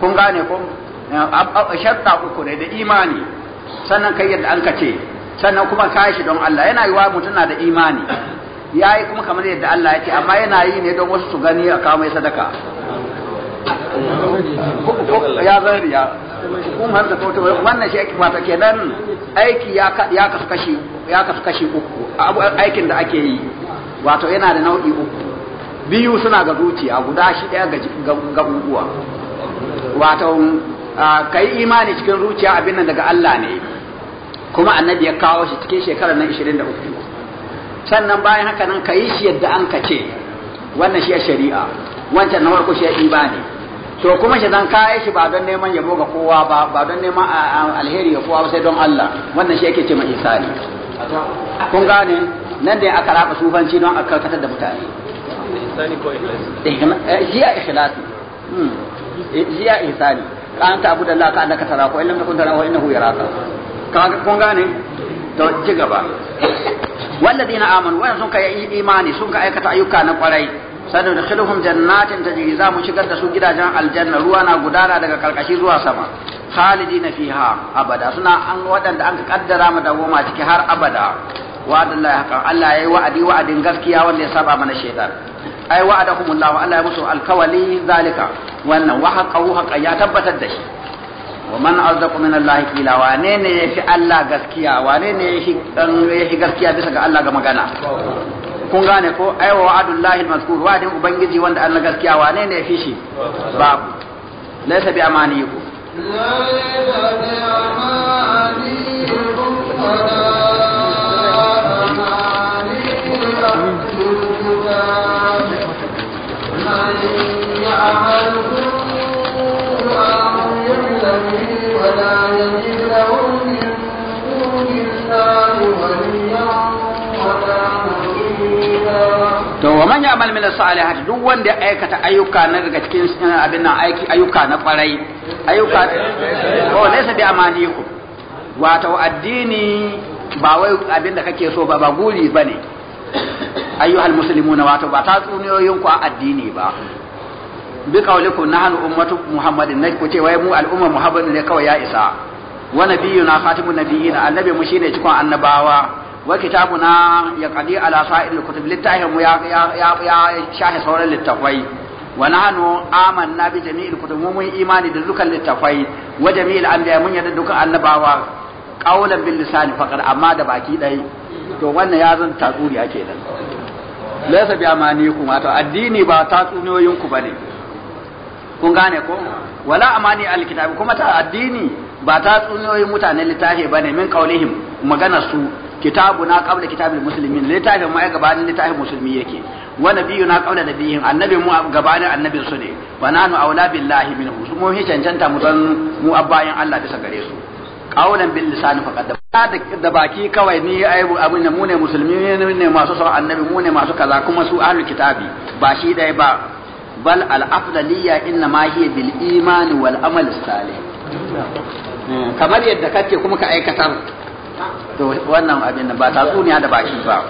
kun gane ko sharta uku ne da imani sannan kai yadda an ka ce sannan kuma kayi shi don Allah yana yi wa mutum na da imani ya yi kuma kamar yadda Allah ya ce amma yana yi ne don wasu su gani a kawo mai sadaka ya zan riya kun har da kotu wannan shi ake ke nan aiki ya kasu kashi ya kasu kashi uku aikin da ake yi wato yana da nau'i uku biyu suna ga zuciya guda shi daya ga guguwa wato kai imani cikin zuciya abin nan daga Allah ne kuma annabi ya kawo shi cikin shekarar nan 23 sannan bayan haka nan ka yi shi yadda an ka ce wannan shi ya shari'a wancan na farko shi ya ibani to kuma shi zan kayi shi ba don neman yabo ga kowa ba ba don neman alheri ga kowa ba sai don Allah wannan shi yake ce mai isani kun gane nan da aka raba sufanci don a karkatar da mutane jiya ikhlasi jiya ihsani ka anta abu da Allah ka annaka tarako illam nakun tarahu innahu yaraka ka kun ne? to ci gaba walladina amanu wa sun kai imani sun kai aikata ayyuka na kwarai sanu da khilhum jannatin jiri, za mu shigar da su gidajen aljanna ruwa na gudana daga karkashi zuwa sama khalidina fiha abada suna an waɗanda an kaddara mu dawoma ciki har abada wa'adallahi haqa Allah yayi wa'adi wa'adin gaskiya wanda ya saba mana shaitan ai wa'adakumullahu Allah ya musu alkawali zalika wannan wa haqqahu ya tabbatar da shi wa man arzaqu min Allah kila wane ne yafi Allah gaskiya wane ne yafi dan yafi gaskiya bisa ga Allah ga magana kun gane ko ai wa wa'adullahi al-mazkur wa'adin ubangiji wanda Allah gaskiya wane ne yafi shi يجد لهم من da الله وليا To wa manya ya'mal min salihat duk wanda ya aikata ayyuka na daga cikin eh, abin nan aiki ayyuka na kwarai ayyuka da oh, laysa bi amanikum wato addini ba wai abin da kake so ba ba guri bane ayyuhal muslimuna wato ba ta tsuniyoyin ku a addini ba bi kaulikum nahnu ummatu muhammadin ne ku ce wai mu al'umma muhammadin ne kawai ya isa wa nabiyuna khatimul nabiyina annabi mu shine cikon annabawa wa kitabuna ya qadi ala sa'il kutub littafin mu ya ya ya shahi sauran littafai wa nahnu amanna bi jami'il kutub mun imani da dukkan littafai wa jami'il anbiya mun yadda dukkan annabawa qawlan bil lisani faqad amma da baki dai to wannan ya zan tatsuriya kenan laysa bi amanikum wato addini ba tatsuniyoyinku bane kun gane ko wala amani alkitabi kuma ta addini ba ta tsuniyoyin mutanen littafi ba ne min kaulihim magana su kitabu na qabla kitabil musulmin littafin ma gabanin littafin musulmi yake wa nabiyyu na qabla nabiyyin annabi mu gabanin annabin su ne wa nanu aula billahi minhu su mun cancanta mu san mu abbayin Allah bisa gare su qaulan bil lisan faqad da baki kawai ni ai abin mu ne musulmi ne masu son annabi mu ne masu kaza kuma su ahlul kitabi ba shi dai ba bal al afdaliyya inna ma hiya bil imani wal amal salih Eh, kamar yadda kace kuma ka aikatar to wannan abin da ba ta duniya da baki ba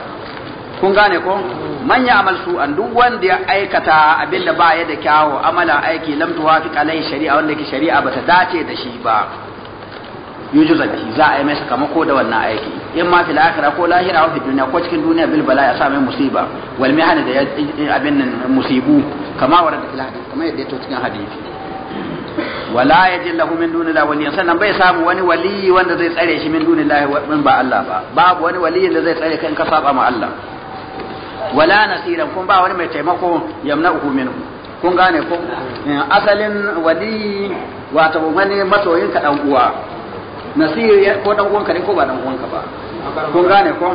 kun gane ko man ya amal su an duk wanda ya aikata abin da ba ya da kyawo amala aiki lam tuwafiq alai shari'a wanda ke shari'a ba ta dace da shi ba yujza bihi za a yi mai ko da wannan aiki in ma fil akhirah ko lahira wa fi dunya ko cikin duniya bil bala ya sa mai musiba wal mihana da abin nan musibu kama warada fil hadith kama yadda ya to cikin hadisi wala yajid lahu min la waliyan sannan bai samu wani waliyi wanda zai tsare shi min lahi min ba Allah ba babu wani waliyi da zai tsare ka in ka saba ma Allah wala nasiran kun ba wani mai taimako yamna'uhu min kun gane ko eh, asalin waliyi wato wani matoyin ka dan uwa nasir ko dan ka ne ko ba dan ka ba kun gane ko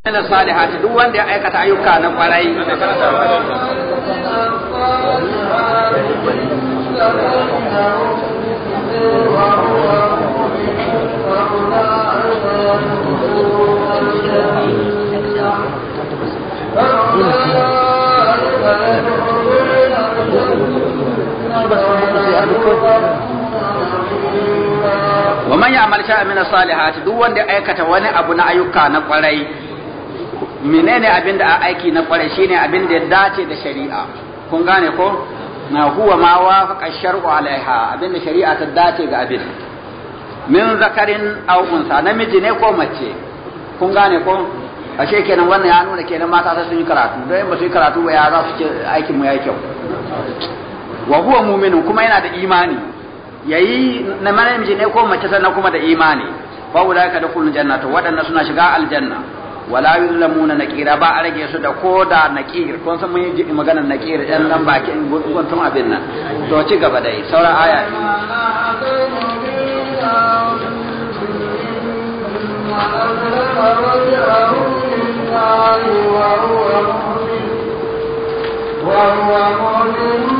Yana eh, salihati duk wanda ya aikata ayyuka na kwarai amal sha'a min salihat duk wanda aikata wani abu na ayyuka na kwarai menene abin da a aiki na kwarai shine abin da ya dace da shari'a kun gane ko na huwa ma wafaqa shar'u alaiha abin da shari'a ta dace ga abin min zakarin aw unsa namiji ne ko mace kun gane ko ashe kenan wannan ya nuna kenan mata sai sun yi karatu don ba su yi karatu ba ya za su ce aikin mu ya kyau wa huwa muminu kuma yana da imani yayi na namiji ne ko mace sannan kuma da imani fa ka dakhulul jannata wadanna suna shiga aljanna wala yulamuna nakira ba a rage su da koda nakir kun san mun yi maganar nakir dan nan bakin guntun abin nan to ci gaba dai sauran aya وهو مؤمن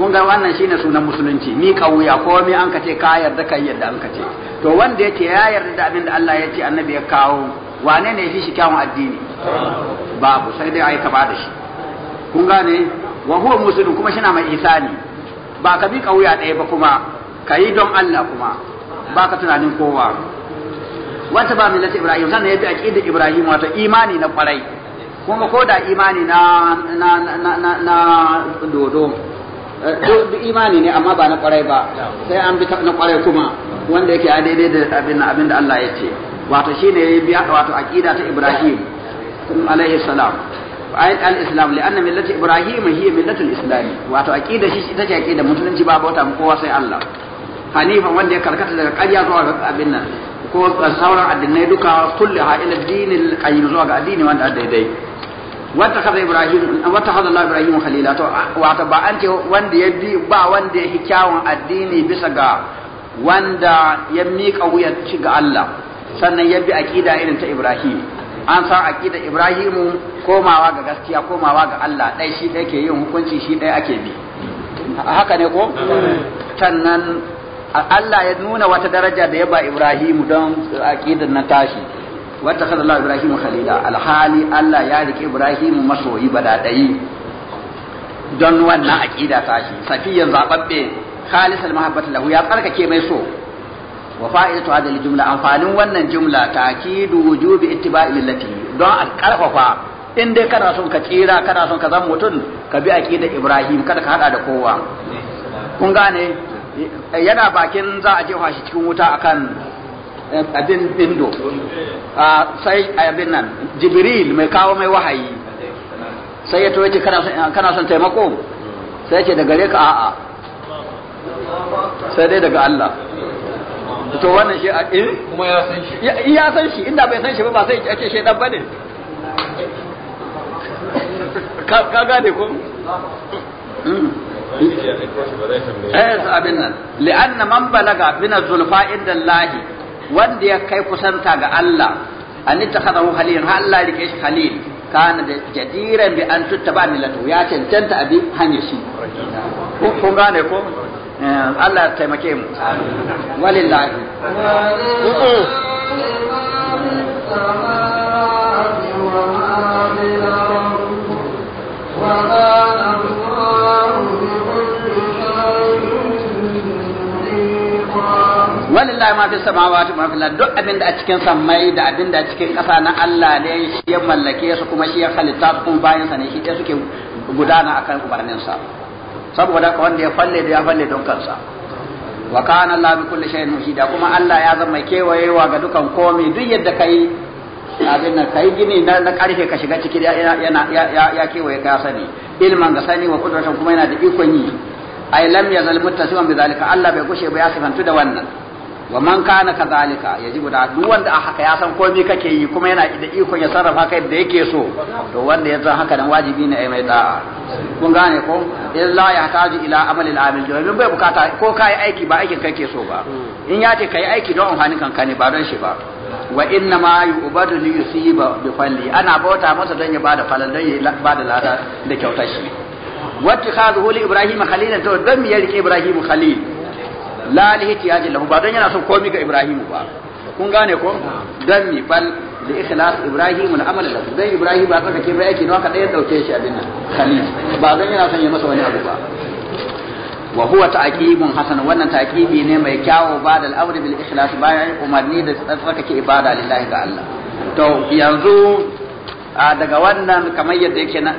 kun ga wannan shine sunan musulunci mi kauya ko mi an kace ka yarda kai yarda an kace to wanda yake ya yarda da abin da Allah ya ce annabi ya kawo wane ne fi shi kyawun addini babu sai dai ai ka bada da shi kun gane wa huwa musulun kuma shi na mai isani ba ka bi kauya ɗaya ba kuma ka yi don Allah kuma ba ka tunanin kowa wata ba millata ibrahim sannan ya bi aqidar ibrahim wato imani na kwarai kuma ko da imani na na na na dodo duk imani ne amma ba na kwarai ba sai an bi na kwarai kuma wanda yake a daidai da abin abin da Allah ya ce wato shine yayi biya wato aqida ta Ibrahim alaihi salam ayat al-islam li anna millati ibrahim hiya millatul islam wato aqida shi ita ce aqida musulunci ba bauta kowa sai Allah hanifa wanda ya karkata daga ƙarya zuwa ga abin nan ko sauran addinai duka kullu ha ila dinil qayyim zuwa ga addini wanda daidai wata kaza ibrahim wata kaza Allah ibrahim khalila to wato ba an ce wanda ya bi ba wanda ya hi addini bisa ga wanda ya miƙa wuya ci ga Allah sannan ya bi aqida irin ta ibrahim an san aqida ibrahim komawa ga gaskiya komawa ga Allah dai shi dai ke yin hukunci shi dai ake bi haka ne ko sannan Allah ya nuna wata daraja da ya ba Ibrahim don aqidan na tashi wata kada Allah Ibrahim Khalila alhali Allah ya rike Ibrahim masoyi badadai don wannan aqida ta shi safiyan zababbe khalis almahabbata lahu ya tsarkake mai so wa fa'idatu hadhihi jumla amfanin wannan jumla takidu wujubi ittiba'i millati don a karfafa in dai kana son ka tsira kana son ka zama mutum ka bi aqida Ibrahim kada ka hada da kowa kun gane yana bakin za a jefa shi cikin wuta akan Eh, abin bindo ah, sai abin nan jibril mai kawo mai wahayi sai ya to yace kana son taimako sai ce daga gare ka a'a sai dai daga Allah to wannan shi a in eh? kuma ya san shi ya san shi inda bai san shi ba ba sai ya ce shedan bane ka gane ko hmm. eh abin nan li'anna man balaga min az-zulfa inda Allah wanda ya kai kusanta ga Allah an ittakhadahu khalilan ha Allah yake shi khalil kana da jadiran bi an tuttaba millatu ya tantanta abi hanyashi ko kun gane ko Allah ya taimake mu walillahi وما walillahi ma fi samawati ma fil duk abin da a cikin sammai da abin da a cikin ƙasa na Allah ne shi ya mallake su kuma shi ya halitta su bayan sa ne shi ɗaya suke gudana akan umarnin sa saboda ka wanda ya falle da ya falle don kansa wa kana Allah bi kulli shay'in mushida kuma Allah ya zama kewayewa ga dukan komai duk yadda kai abin nan kai gini na na karfe ka shiga ciki yana ya kewaye ka sani ilman ga sani wa kudratan kuma yana da ikon yi ai lam yazal muttasiman bi zalika Allah bai kushe ba ya sifantu da wannan wa man kana kadhalika yajibu da duk wanda haka ya san komai kake yi kuma yana da iko ya sarrafa kai da yake so to wanda ya san haka dan wajibi ne ai mai da'a kun gane ko illa ya taji ila amalil amil domin bai bukata ko kai aiki ba aikin kake so ba in ya ce kai aiki don amfanin kanka ne ba don shi ba wa inna ma yu'badu li yusiba bi falli ana bauta masa don ya bada falal don ya bada lada da kyautar shi wa khadhu li ibrahim khalilan to dan mi yarki ibrahim khalil la lihtiyaji lahu ba don yana son komi ga Ibrahim ba kun gane ko dan mi bal da ikhlas Ibrahim al amal lahu dan Ibrahim ba ka ke ba yake don ɗaya dai dauke shi abin nan khalil ba don yana son ya masa wani abu ba wa huwa ta'qibun hasan wannan ta'qibi ne mai kyawu ba da al'amr bil ikhlas bayan umarni da tsarkake ibada lillahi ga Allah to yanzu a daga wannan kamar yadda yake na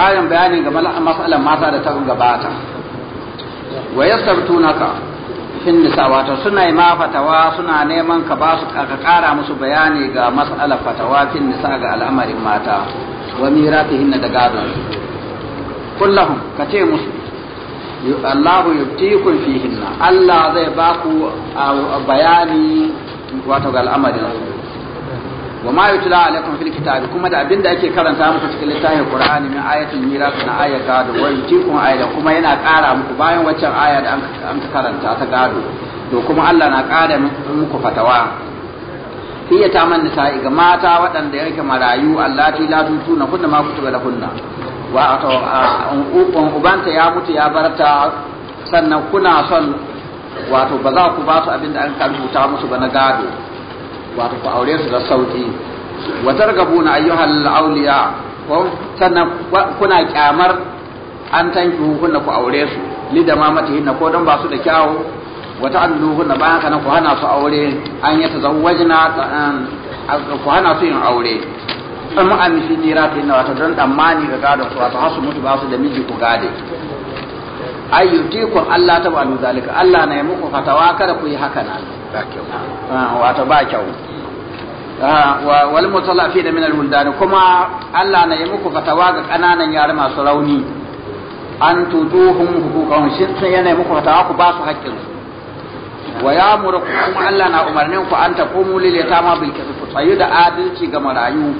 ƙarin bayani ga matsalar mata da ta gabata wa yastabtunaka fin nisa wato suna yi ma fatawa suna neman ka ba su ka ƙara musu bayani ga matsalar fatawa fin nisa ga al'amarin mata wa hinna da gadon kullum ka ce musu Allahu fi hinna Allah zai ba ku bayani wato ga al'amarin su wa ma yutla alaikum fil kitabi kuma da abinda ake karanta muku cikin littafin Qur'ani min ayatin miras na ayata da wa yutikum ayata kuma yana ƙara muku bayan waccan aya da an karanta ta gado to kuma Allah na ƙara muku fatawa hiya ta man nisa'i ga mata waɗanda yake marayu allati la tutuna kunna ma kutuba lahunna wa to ubanta ya mutu ya barta sannan kuna son wato ba za ku ba su abinda an rubuta musu ba na gado wato ku aure su da sauki wa targabuna ayyuhal awliya ko sannan kuna kyamar an tanki hukunna ku aure su li da na, ko don ba su da kyawu wa ta'alluhunna ba haka ku hana su aure an yata zawwajna ku hana su yin aure an mu'amisi ta na wata don tsammani ga gadon su wato hasu mutu ba su da miji ku gade ayyuti ku Allah ta ba'alu zalika Allah na yi muku fatawa kada ku yi haka nan ba kyau ah, wato ba kyau ah, wal mutalafi da minal huldan kuma Allah na yi muku fatawa ga kananan yara masu rauni an tutuhum hukukan shi sun yana muku fatawa ku ba su haƙƙin su wa ya kuma Allah na umarnin ku an taqumu ta ma bilkisu. qist tsayu da adalci ga marayu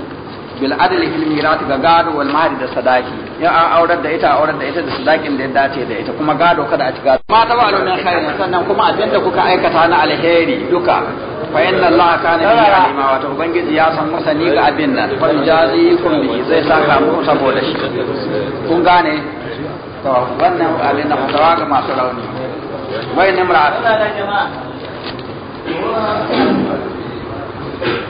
بالعدل في الميراث كغاد والمال ده صداقي يا اورد ده ايتا اورد ده ايتا ده صداقي ده يداتي ده ايتا كما غادو كدا اتي غادو ما تبا لو من خير سنن كما اجنده كوكا ايكتا انا الهيري دوكا فان الله كان بيعلم ما وتو بنجي يا سن مسني ga abin nan fa jazi kun bi zai saka mu saboda shi kun gane to wannan abin na fara ga masu rauni bayan imra'a jama'a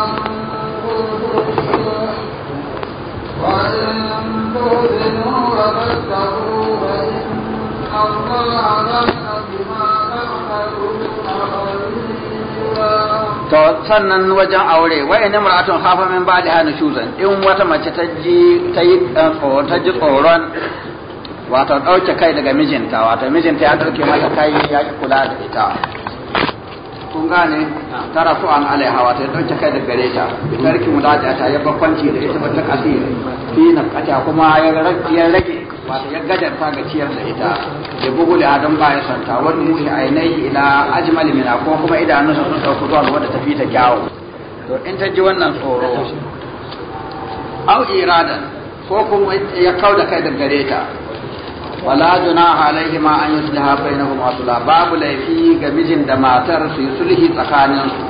To sannan wajen aure wa in imra'atun hafa min hannu shuzan in wata mace ta ji ta yi eh, ta ji tsoron wato dauke kai daga mijinta wato mijinta ya dauke mata kai ya kula da ita kun gane tara su an alai hawa ta dauke kai da gare ta bitarki da ta ya bakwanci da ita ta kasiri fi na kata kuma ya rage wato ya gadarta ga ciyar da ita da bugu da adam ba ya santa wani ya ainihi ila ajmal mina ko kuma idanunsa sun dauki zuwa wanda ta fi ta to in ta ji wannan tsoro au iradan ko kuma ya kauda kai da gare ta wala junaha alaihima an yusliha bainahuma sulha babu laifi ga mijin da matar su sulhi tsakanin su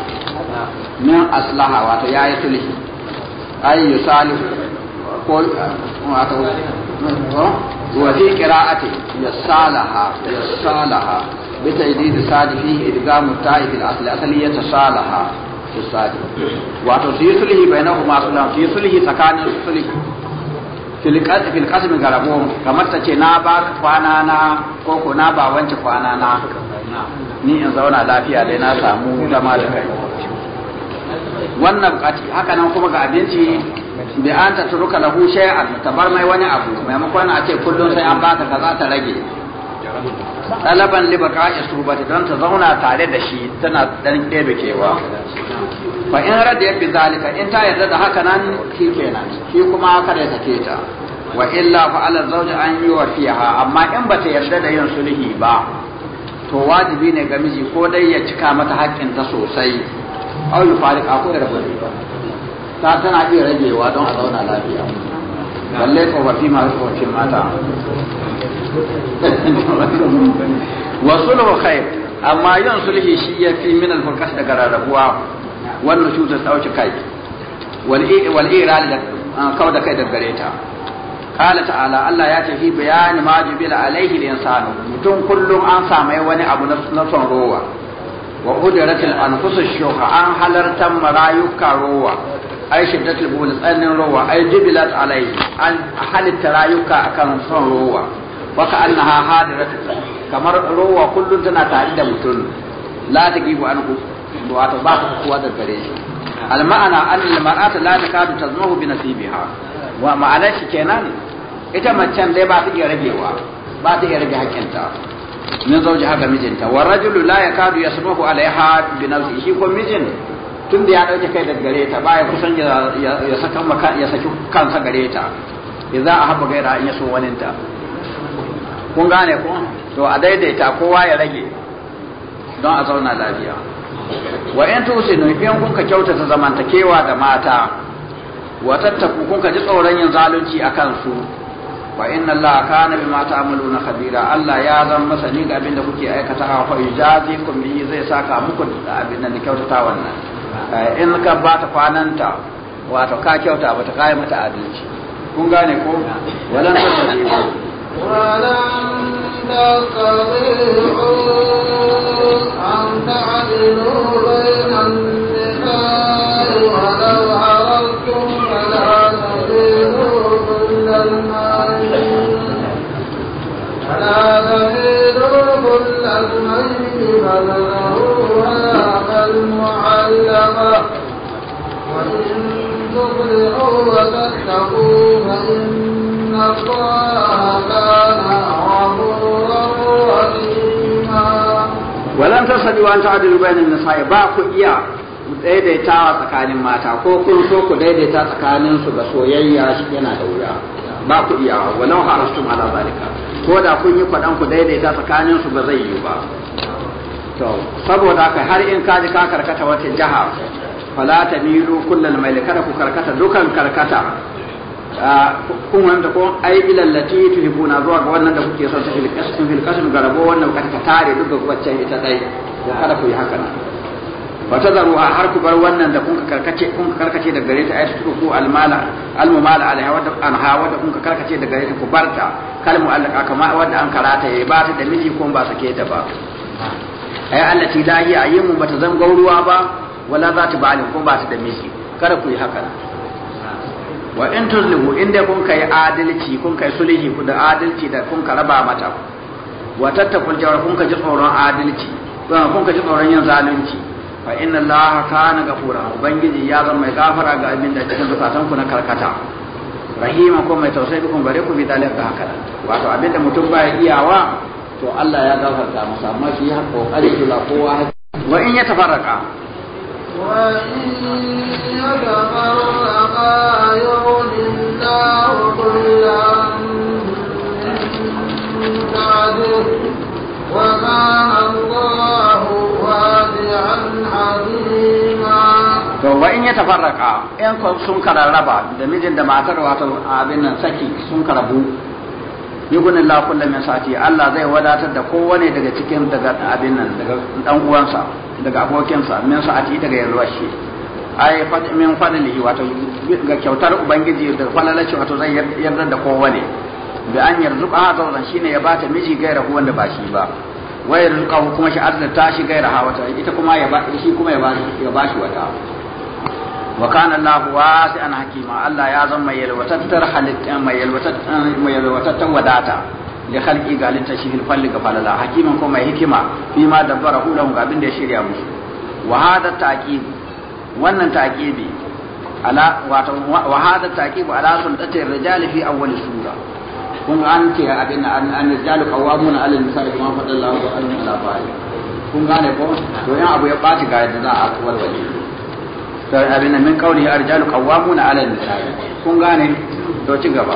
min aslaha wato yayi sulhi ay yusali ko wato wa fi qira'ati yasalaha yasalaha bi tajdid sadi idgham ta'i bil asli asli yatasalaha fi sadi wato su yi sulhi bainahuma sulha su yi sulhi tsakanin su sulhi fil qasmi garabo kamar ta ce na ba kwana na ko ko na ba wance kwana na ni in zauna lafiya dai na samu dama da kai wannan bukati haka nan kuma ga abinci bi an ta turuka lahu shay'an tabar mai wani abu maimakon a ce kullun sai an baka kaza ta rage talaban li baqa'i subati don ta zauna tare da shi tana dan kebe kewa fa in rada ya fi zalika in ta yarda da haka nan shi kenan shi kuma ka da sake ta wa illa fa ala zawji an fiha amma in bata yarda da yin sulhi ba to wajibi ne ga miji ko dai ya cika mata haƙƙin ta sosai aw yu fariq ko da rabu ba ta tana iya ragewa don a zauna lafiya balle ma masu ce mata wa sulhu khair amma yin sulhi shi yafi min al-furqas daga rarrabuwa wannan cutar tsauci kai wal irali da ah, kawar da kai da gare ta qala ta'ala Allah ya ce fi bayani ma jibila alaihi al insanu mutum kullum an samai wani abu na son rowa wa udratil anfus shuha an halartan marayuka rowa ai shiddatul bul tsannin rowa ai jibilat alaihi an halitta rayuka akan son rowa wa ka annaha hadiratu kamar rowa kullum tana tare da mutum la tagibu anhu wato ba ta kuwa da gare shi alma'ana an almar'ata la takadu tazmuhu bi nasibiha wa ma'ana shi kenan ita macen dai ba ta iya ragewa ba ta iya rage hakinta min zauji haka mijinta wa rajulu la yakadu yasmuhu alaiha bi nafsihi ko mijin tun da ya dauke kai da gare ta ya kusan ya saka maka ya saki kansa gare ta a ahabba gaira in yaso waninta kun gane ko to a daidaita kowa ya rage don a zauna lafiya wa in tusinu in kun ka kyautata zamantakewa da mata wa tattaku kun ka ji tsoron yin zalunci akan su wa inna allaha kana bima ta'maluna khabira allah ya zan masani ga abin da kuke aikata fa kun bi zai saka muku da abin da kyautata wannan eh, in ka ba ta kwananta wato ka kyauta ba ta kai mata adalci kun gane ko walan ولن تستطيعوا أن تعدلوا بين النساء ولو أردتم فلا تزيدوا كل المال فلا تزيدوا كل الميت بدنه ولا كالمعلقة وإن تبرئوا وتتقوا فإن walan tasabi wa ta'dilu bainan nisa'i ba ku iya daidaitawa tsakanin mata ko kun so ku daidaita tsakanin su ga soyayya yana da wuya ba ku iya walau harastum ala zalika ko da kun yi kwadan ku daidaita tsakanin su ba zai yi ba to saboda haka har in ka ji ka karkata wata jaha fala tamilu kullal mail kada ku karkata dukan karkata kun wanda ko ai lati tuhibuna zuwa ga wannan da kuke son ta fil kasm fil kasm garabo wannan ka tare duk wacce ita dai ya kada ku yi haka nan wa a har ku bar wannan da kun karkace kun karkace da gare ta ayatu ku almala almumala alaiha wadda anha wadda kun karkace da gare ta ku barta kalmu allaka kama wadda an karata ya ba ta da miji ko ba sake ta ba ai allati la hiya ayyamu bata zan gauruwa ba wala za ta ni ko ba ta da miji kada ku yi haka nan wa in tuzlihu inda kun kai adalci kun kai sulhi da adalci da kun ka raba mata wa tattakul jawar kun ka ji tsoron adalci don kun ka ji tsoron yin zalunci fa inna allaha kana gafura ubangiji ya zama mai gafara ga abin da cikin zukatan ku na karkata rahima ko mai tausayi kun bare ku bi dalil da haka wato abin da mutum baya iyawa to Allah ya gafarta masa amma shi ya kokari kula kowa wa in ya tafarraka ya tafarraka yan sun kararraba da mijin da matar wato abin nan saki sun karabu yugunin la da min sati Allah zai wadatar da kowane daga cikin daga abin nan daga dan uwansa daga abokinsa min sa'ati daga yalwar shi ai min fadlihi wato ga kyautar ubangiji da falalacin wato zai yarda da kowane da an yarzuqa zauran shine ya bata miji gaira hu wanda ba shi ba wai yarzuqa kuma shi arzuta shi gaira ha wato ita kuma ya ba shi kuma ya ba ya ba shi wata wa kana Allahu wasi'an hakima Allah ya zama yalwatattar halitta mai yalwatattar mai yalwatattar wadata li khalqi ga litta shi fil falli falala hakiman ko mai hikima fi ma dabbara hulan ga abin da musu wannan ta'qibi ala wato wa hada ta'qib ala sultatir rijali fi awwal sura kun an ce abin an an rijalu qawwamuna ala nisa kama fadallahu wa anna ala ba'i kun gane ko to yan abu ya baci ga yadda za a warware to abin min kauli arjalu qawwamuna ala nisa kun gane to ci gaba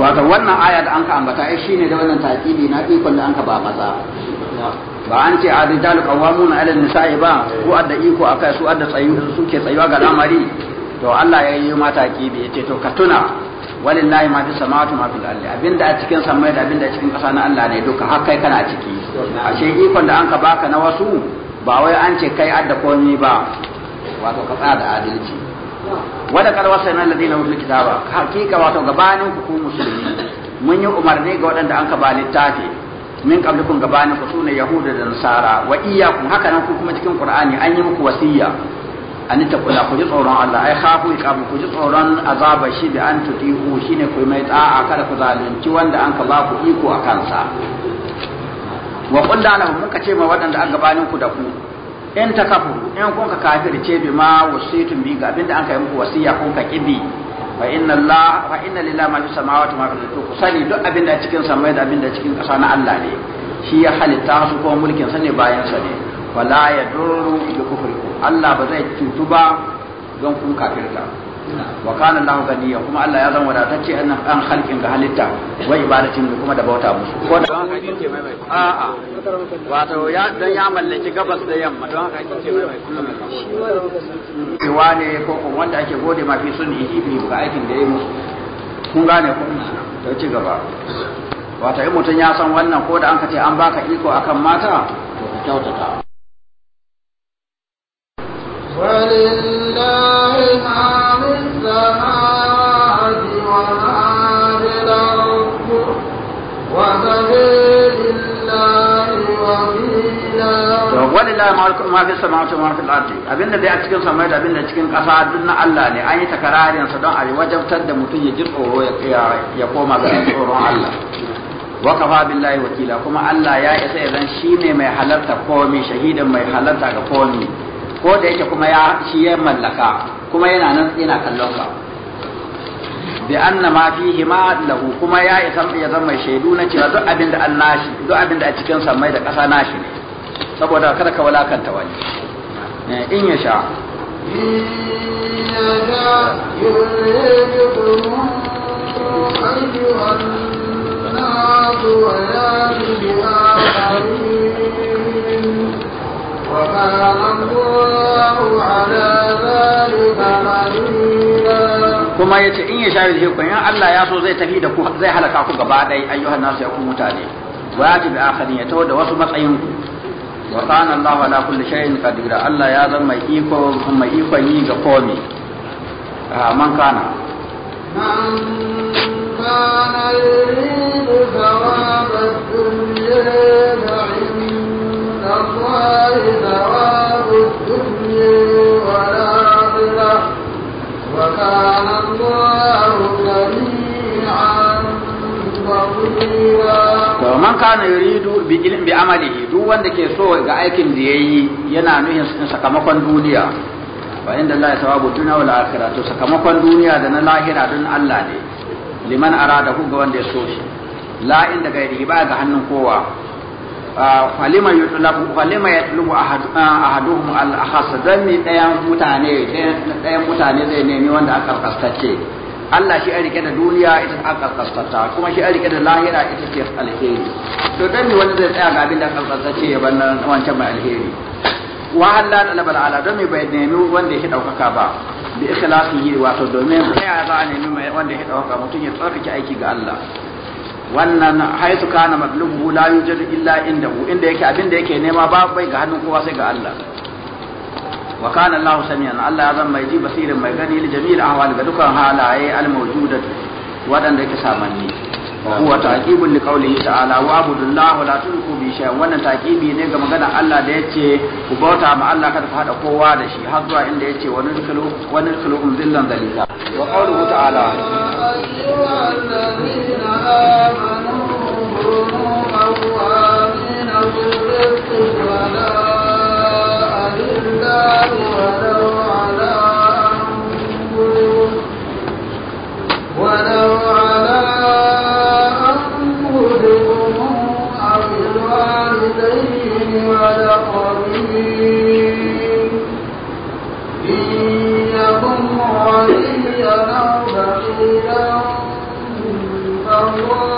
wato wannan aya da an ka ambata ai shine da wannan takibi na ikon da an ka ba maza ba an ce ar-rijalu qawwamuna 'ala an-nisa'i ba ko adda iko akai su adda tsayu suke tsayuwa ga lamari to Allah ya yi mata kibi yace to ka tuna walillahi ma fi samawati ma fil ardi abinda a cikin samai da abinda a cikin ƙasa na Allah ne duka har kai kana ciki ashe ikon da an ka baka na wasu ba wai an ce kai adda komai ba wato ka da adalci wanda kar wasa nan ladina ba. kitaba hakika wato gabanin ku ku musulmi mun yi umarni ga waɗanda an ka ba littafi min qablikum gabanin ku sune yahuda da nasara wa iyyakum haka nan ku kuma cikin qur'ani an yi muku wasiya an ta kula ku ji tsoron Allah ai khafu iqamu ku ji tsoron azaba shi da an tudihu shine ku mai ta'a kada ku zalunci wanda an ka ba ku iko a kansa wa qulna lahum muka ce ma waɗanda an gabanin ku da ku in ta kafu in kun ka ce bi ma wasitum bi ga abinda an kai muku wasiya kun ka kibi fa inna Allah fa inna lillahi ma samawati ma fi ardi ku sani duk abinda cikin samai da abinda cikin kasa na Allah ne shi ya halitta su kuma mulkin sa ne bayan sa ne wala yadurru bi kufri Allah ba zai cutu ba don kun kafirta wa kana Allah ganiya kuma Allah ya zan wadatacce annan an halkin ga halitta wa ibadatin da kuma da bauta musu ko da haka yake mai mai a wato ya dan ya mallaki gabas da yamma don haka yake mai mai kullum shi wane ko kuma wanda ake gode ma fi sunni ibi ga aikin da yayi musu kun gane ko to ci gaba wato in mutun ya san wannan ko da an kace an baka iko akan mata to kyautata ولله ما في السماوات وما في الأرض وكفي da a cikin samai da abin da cikin ƙasa duk na Allah ne an yi takararin sa don a wajabtar da mutum ya ji tsoro ya koma ga tsoron Allah kafa billahi wakila kuma Allah ya isa ya zan shine mai halarta komi shahidan mai halarta ga komi ko da yake kuma ya shi ya mallaka kuma yana nan yana kallon ka bi anna ma fihi ma lahu kuma ya isa ya zama shaidu na cewa duk abin da an nashi duk abin da a cikin samai da ƙasa nashi ne saboda kada ka walakanta wani eh, in ya sha يريدكم kuma ya ce in ya share shi kun Allah ya so zai tafi da ku zai halaka ku gaba ɗaya ayyuhan nasu ya ku mutane wa ya tabi akhirin ya tawo da wasu matsayin ku wa kana Allah ala kulli shay'in qadira Allah ya zama mai iko kuma mai iko yi ga komai man kana man kana yuridu thawaba dunya man kana yuridu bi ilmi bi amalihi duk wanda ke so ga aikin da yayi yana nuhin sakamakon duniya wa inda Allah thawabu dunya wal akhirah to sakamakon duniya da na lahira don Allah ne liman arada ku ga wanda ya so shi la inda yi ba ga hannun kowa Ah, falima yutlabu falima yatlubu ah, ahaduhum al akhas dan ne dayan mutane daya mutane zai nemi wanda aka kaskace Allah shi an rike da duniya ita aka kaskata kuma shi an rike da lahira ita ce alheri to dan ne wanda zai tsaya ga abin da aka kaskace ya bar wancan mai alheri wa halla talabal ala dan ne bai nemi wanda ya daukaka ba bi ikhlasihi wato domin sai ya za a nemi wanda ya daukaka mutun ya tsarkake aiki ga Allah wannan haitu kana madlubuhu la yujad illa indahu inda yake abin da yake nema ba bai ga hannun kowa sai ga Allah wa kana Allah samian Allah ya zan mai ji basirin mai gani li jami'il ahwal ga dukan halaye al mawjudat wadanda yake samanni huwa taqibun li qawlihi ta'ala wa abudullah la bi shay'in wannan taqibi ne ga magana Allah da yace ku bauta ma Allah kada ku hada kowa da shi har zuwa inda yace wa nudkhilu wa nudkhilu dhillan wa qawluhu ta'ala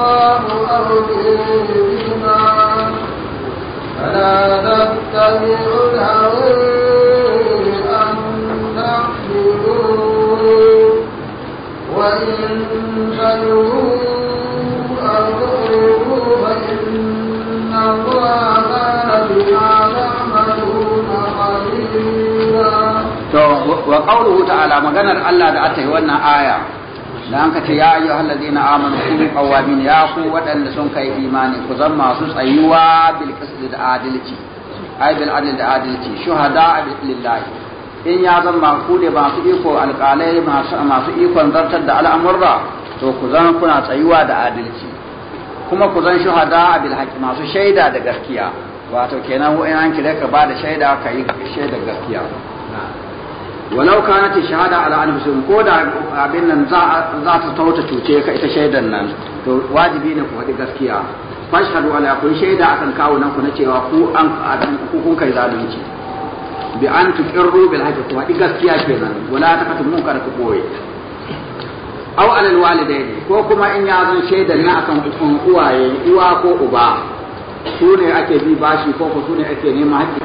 الله أوليه بما فلا تتبع الهوى أن تعبدوا وإن تلووا أو تعرضوا فإن الله كان بما تعملون خبيرا. وقوله تعالى مجانا الله دعته وانا آية da an kace ya ayyuha allazina amanu kunu qawamin ya ku waɗanda sun kai imani ku zan masu tsayuwa bil da adalci ai bil adil da adalci shuhada lillahi in ya zan ba ku ne masu iko alƙalai masu masu ikon zartar da al'amurra to ku zan kuna tsayuwa da adalci kuma ku zan shuhada bil haqi masu shaida da gaskiya wato kenan wa'in an kire ka ba da shaida ka yi shaida gaskiya walau ta shahada ala anfusikum ko da abin nan za ta tauta cuce ka ita shaidan nan to wajibi ne ku faɗi gaskiya fashhadu ala ku shaida akan kawo nan ku na cewa ku an abin ku kun kai zalunci bi an tuqirru bil haqqi ku faɗi gaskiya kenan wala takatumun kada ku boye aw ala al walidaini ko kuma in ya zan shaidan na akan uwaye uwa ko uba su ne ake bi bashi ko ko su ne ake neman haƙƙi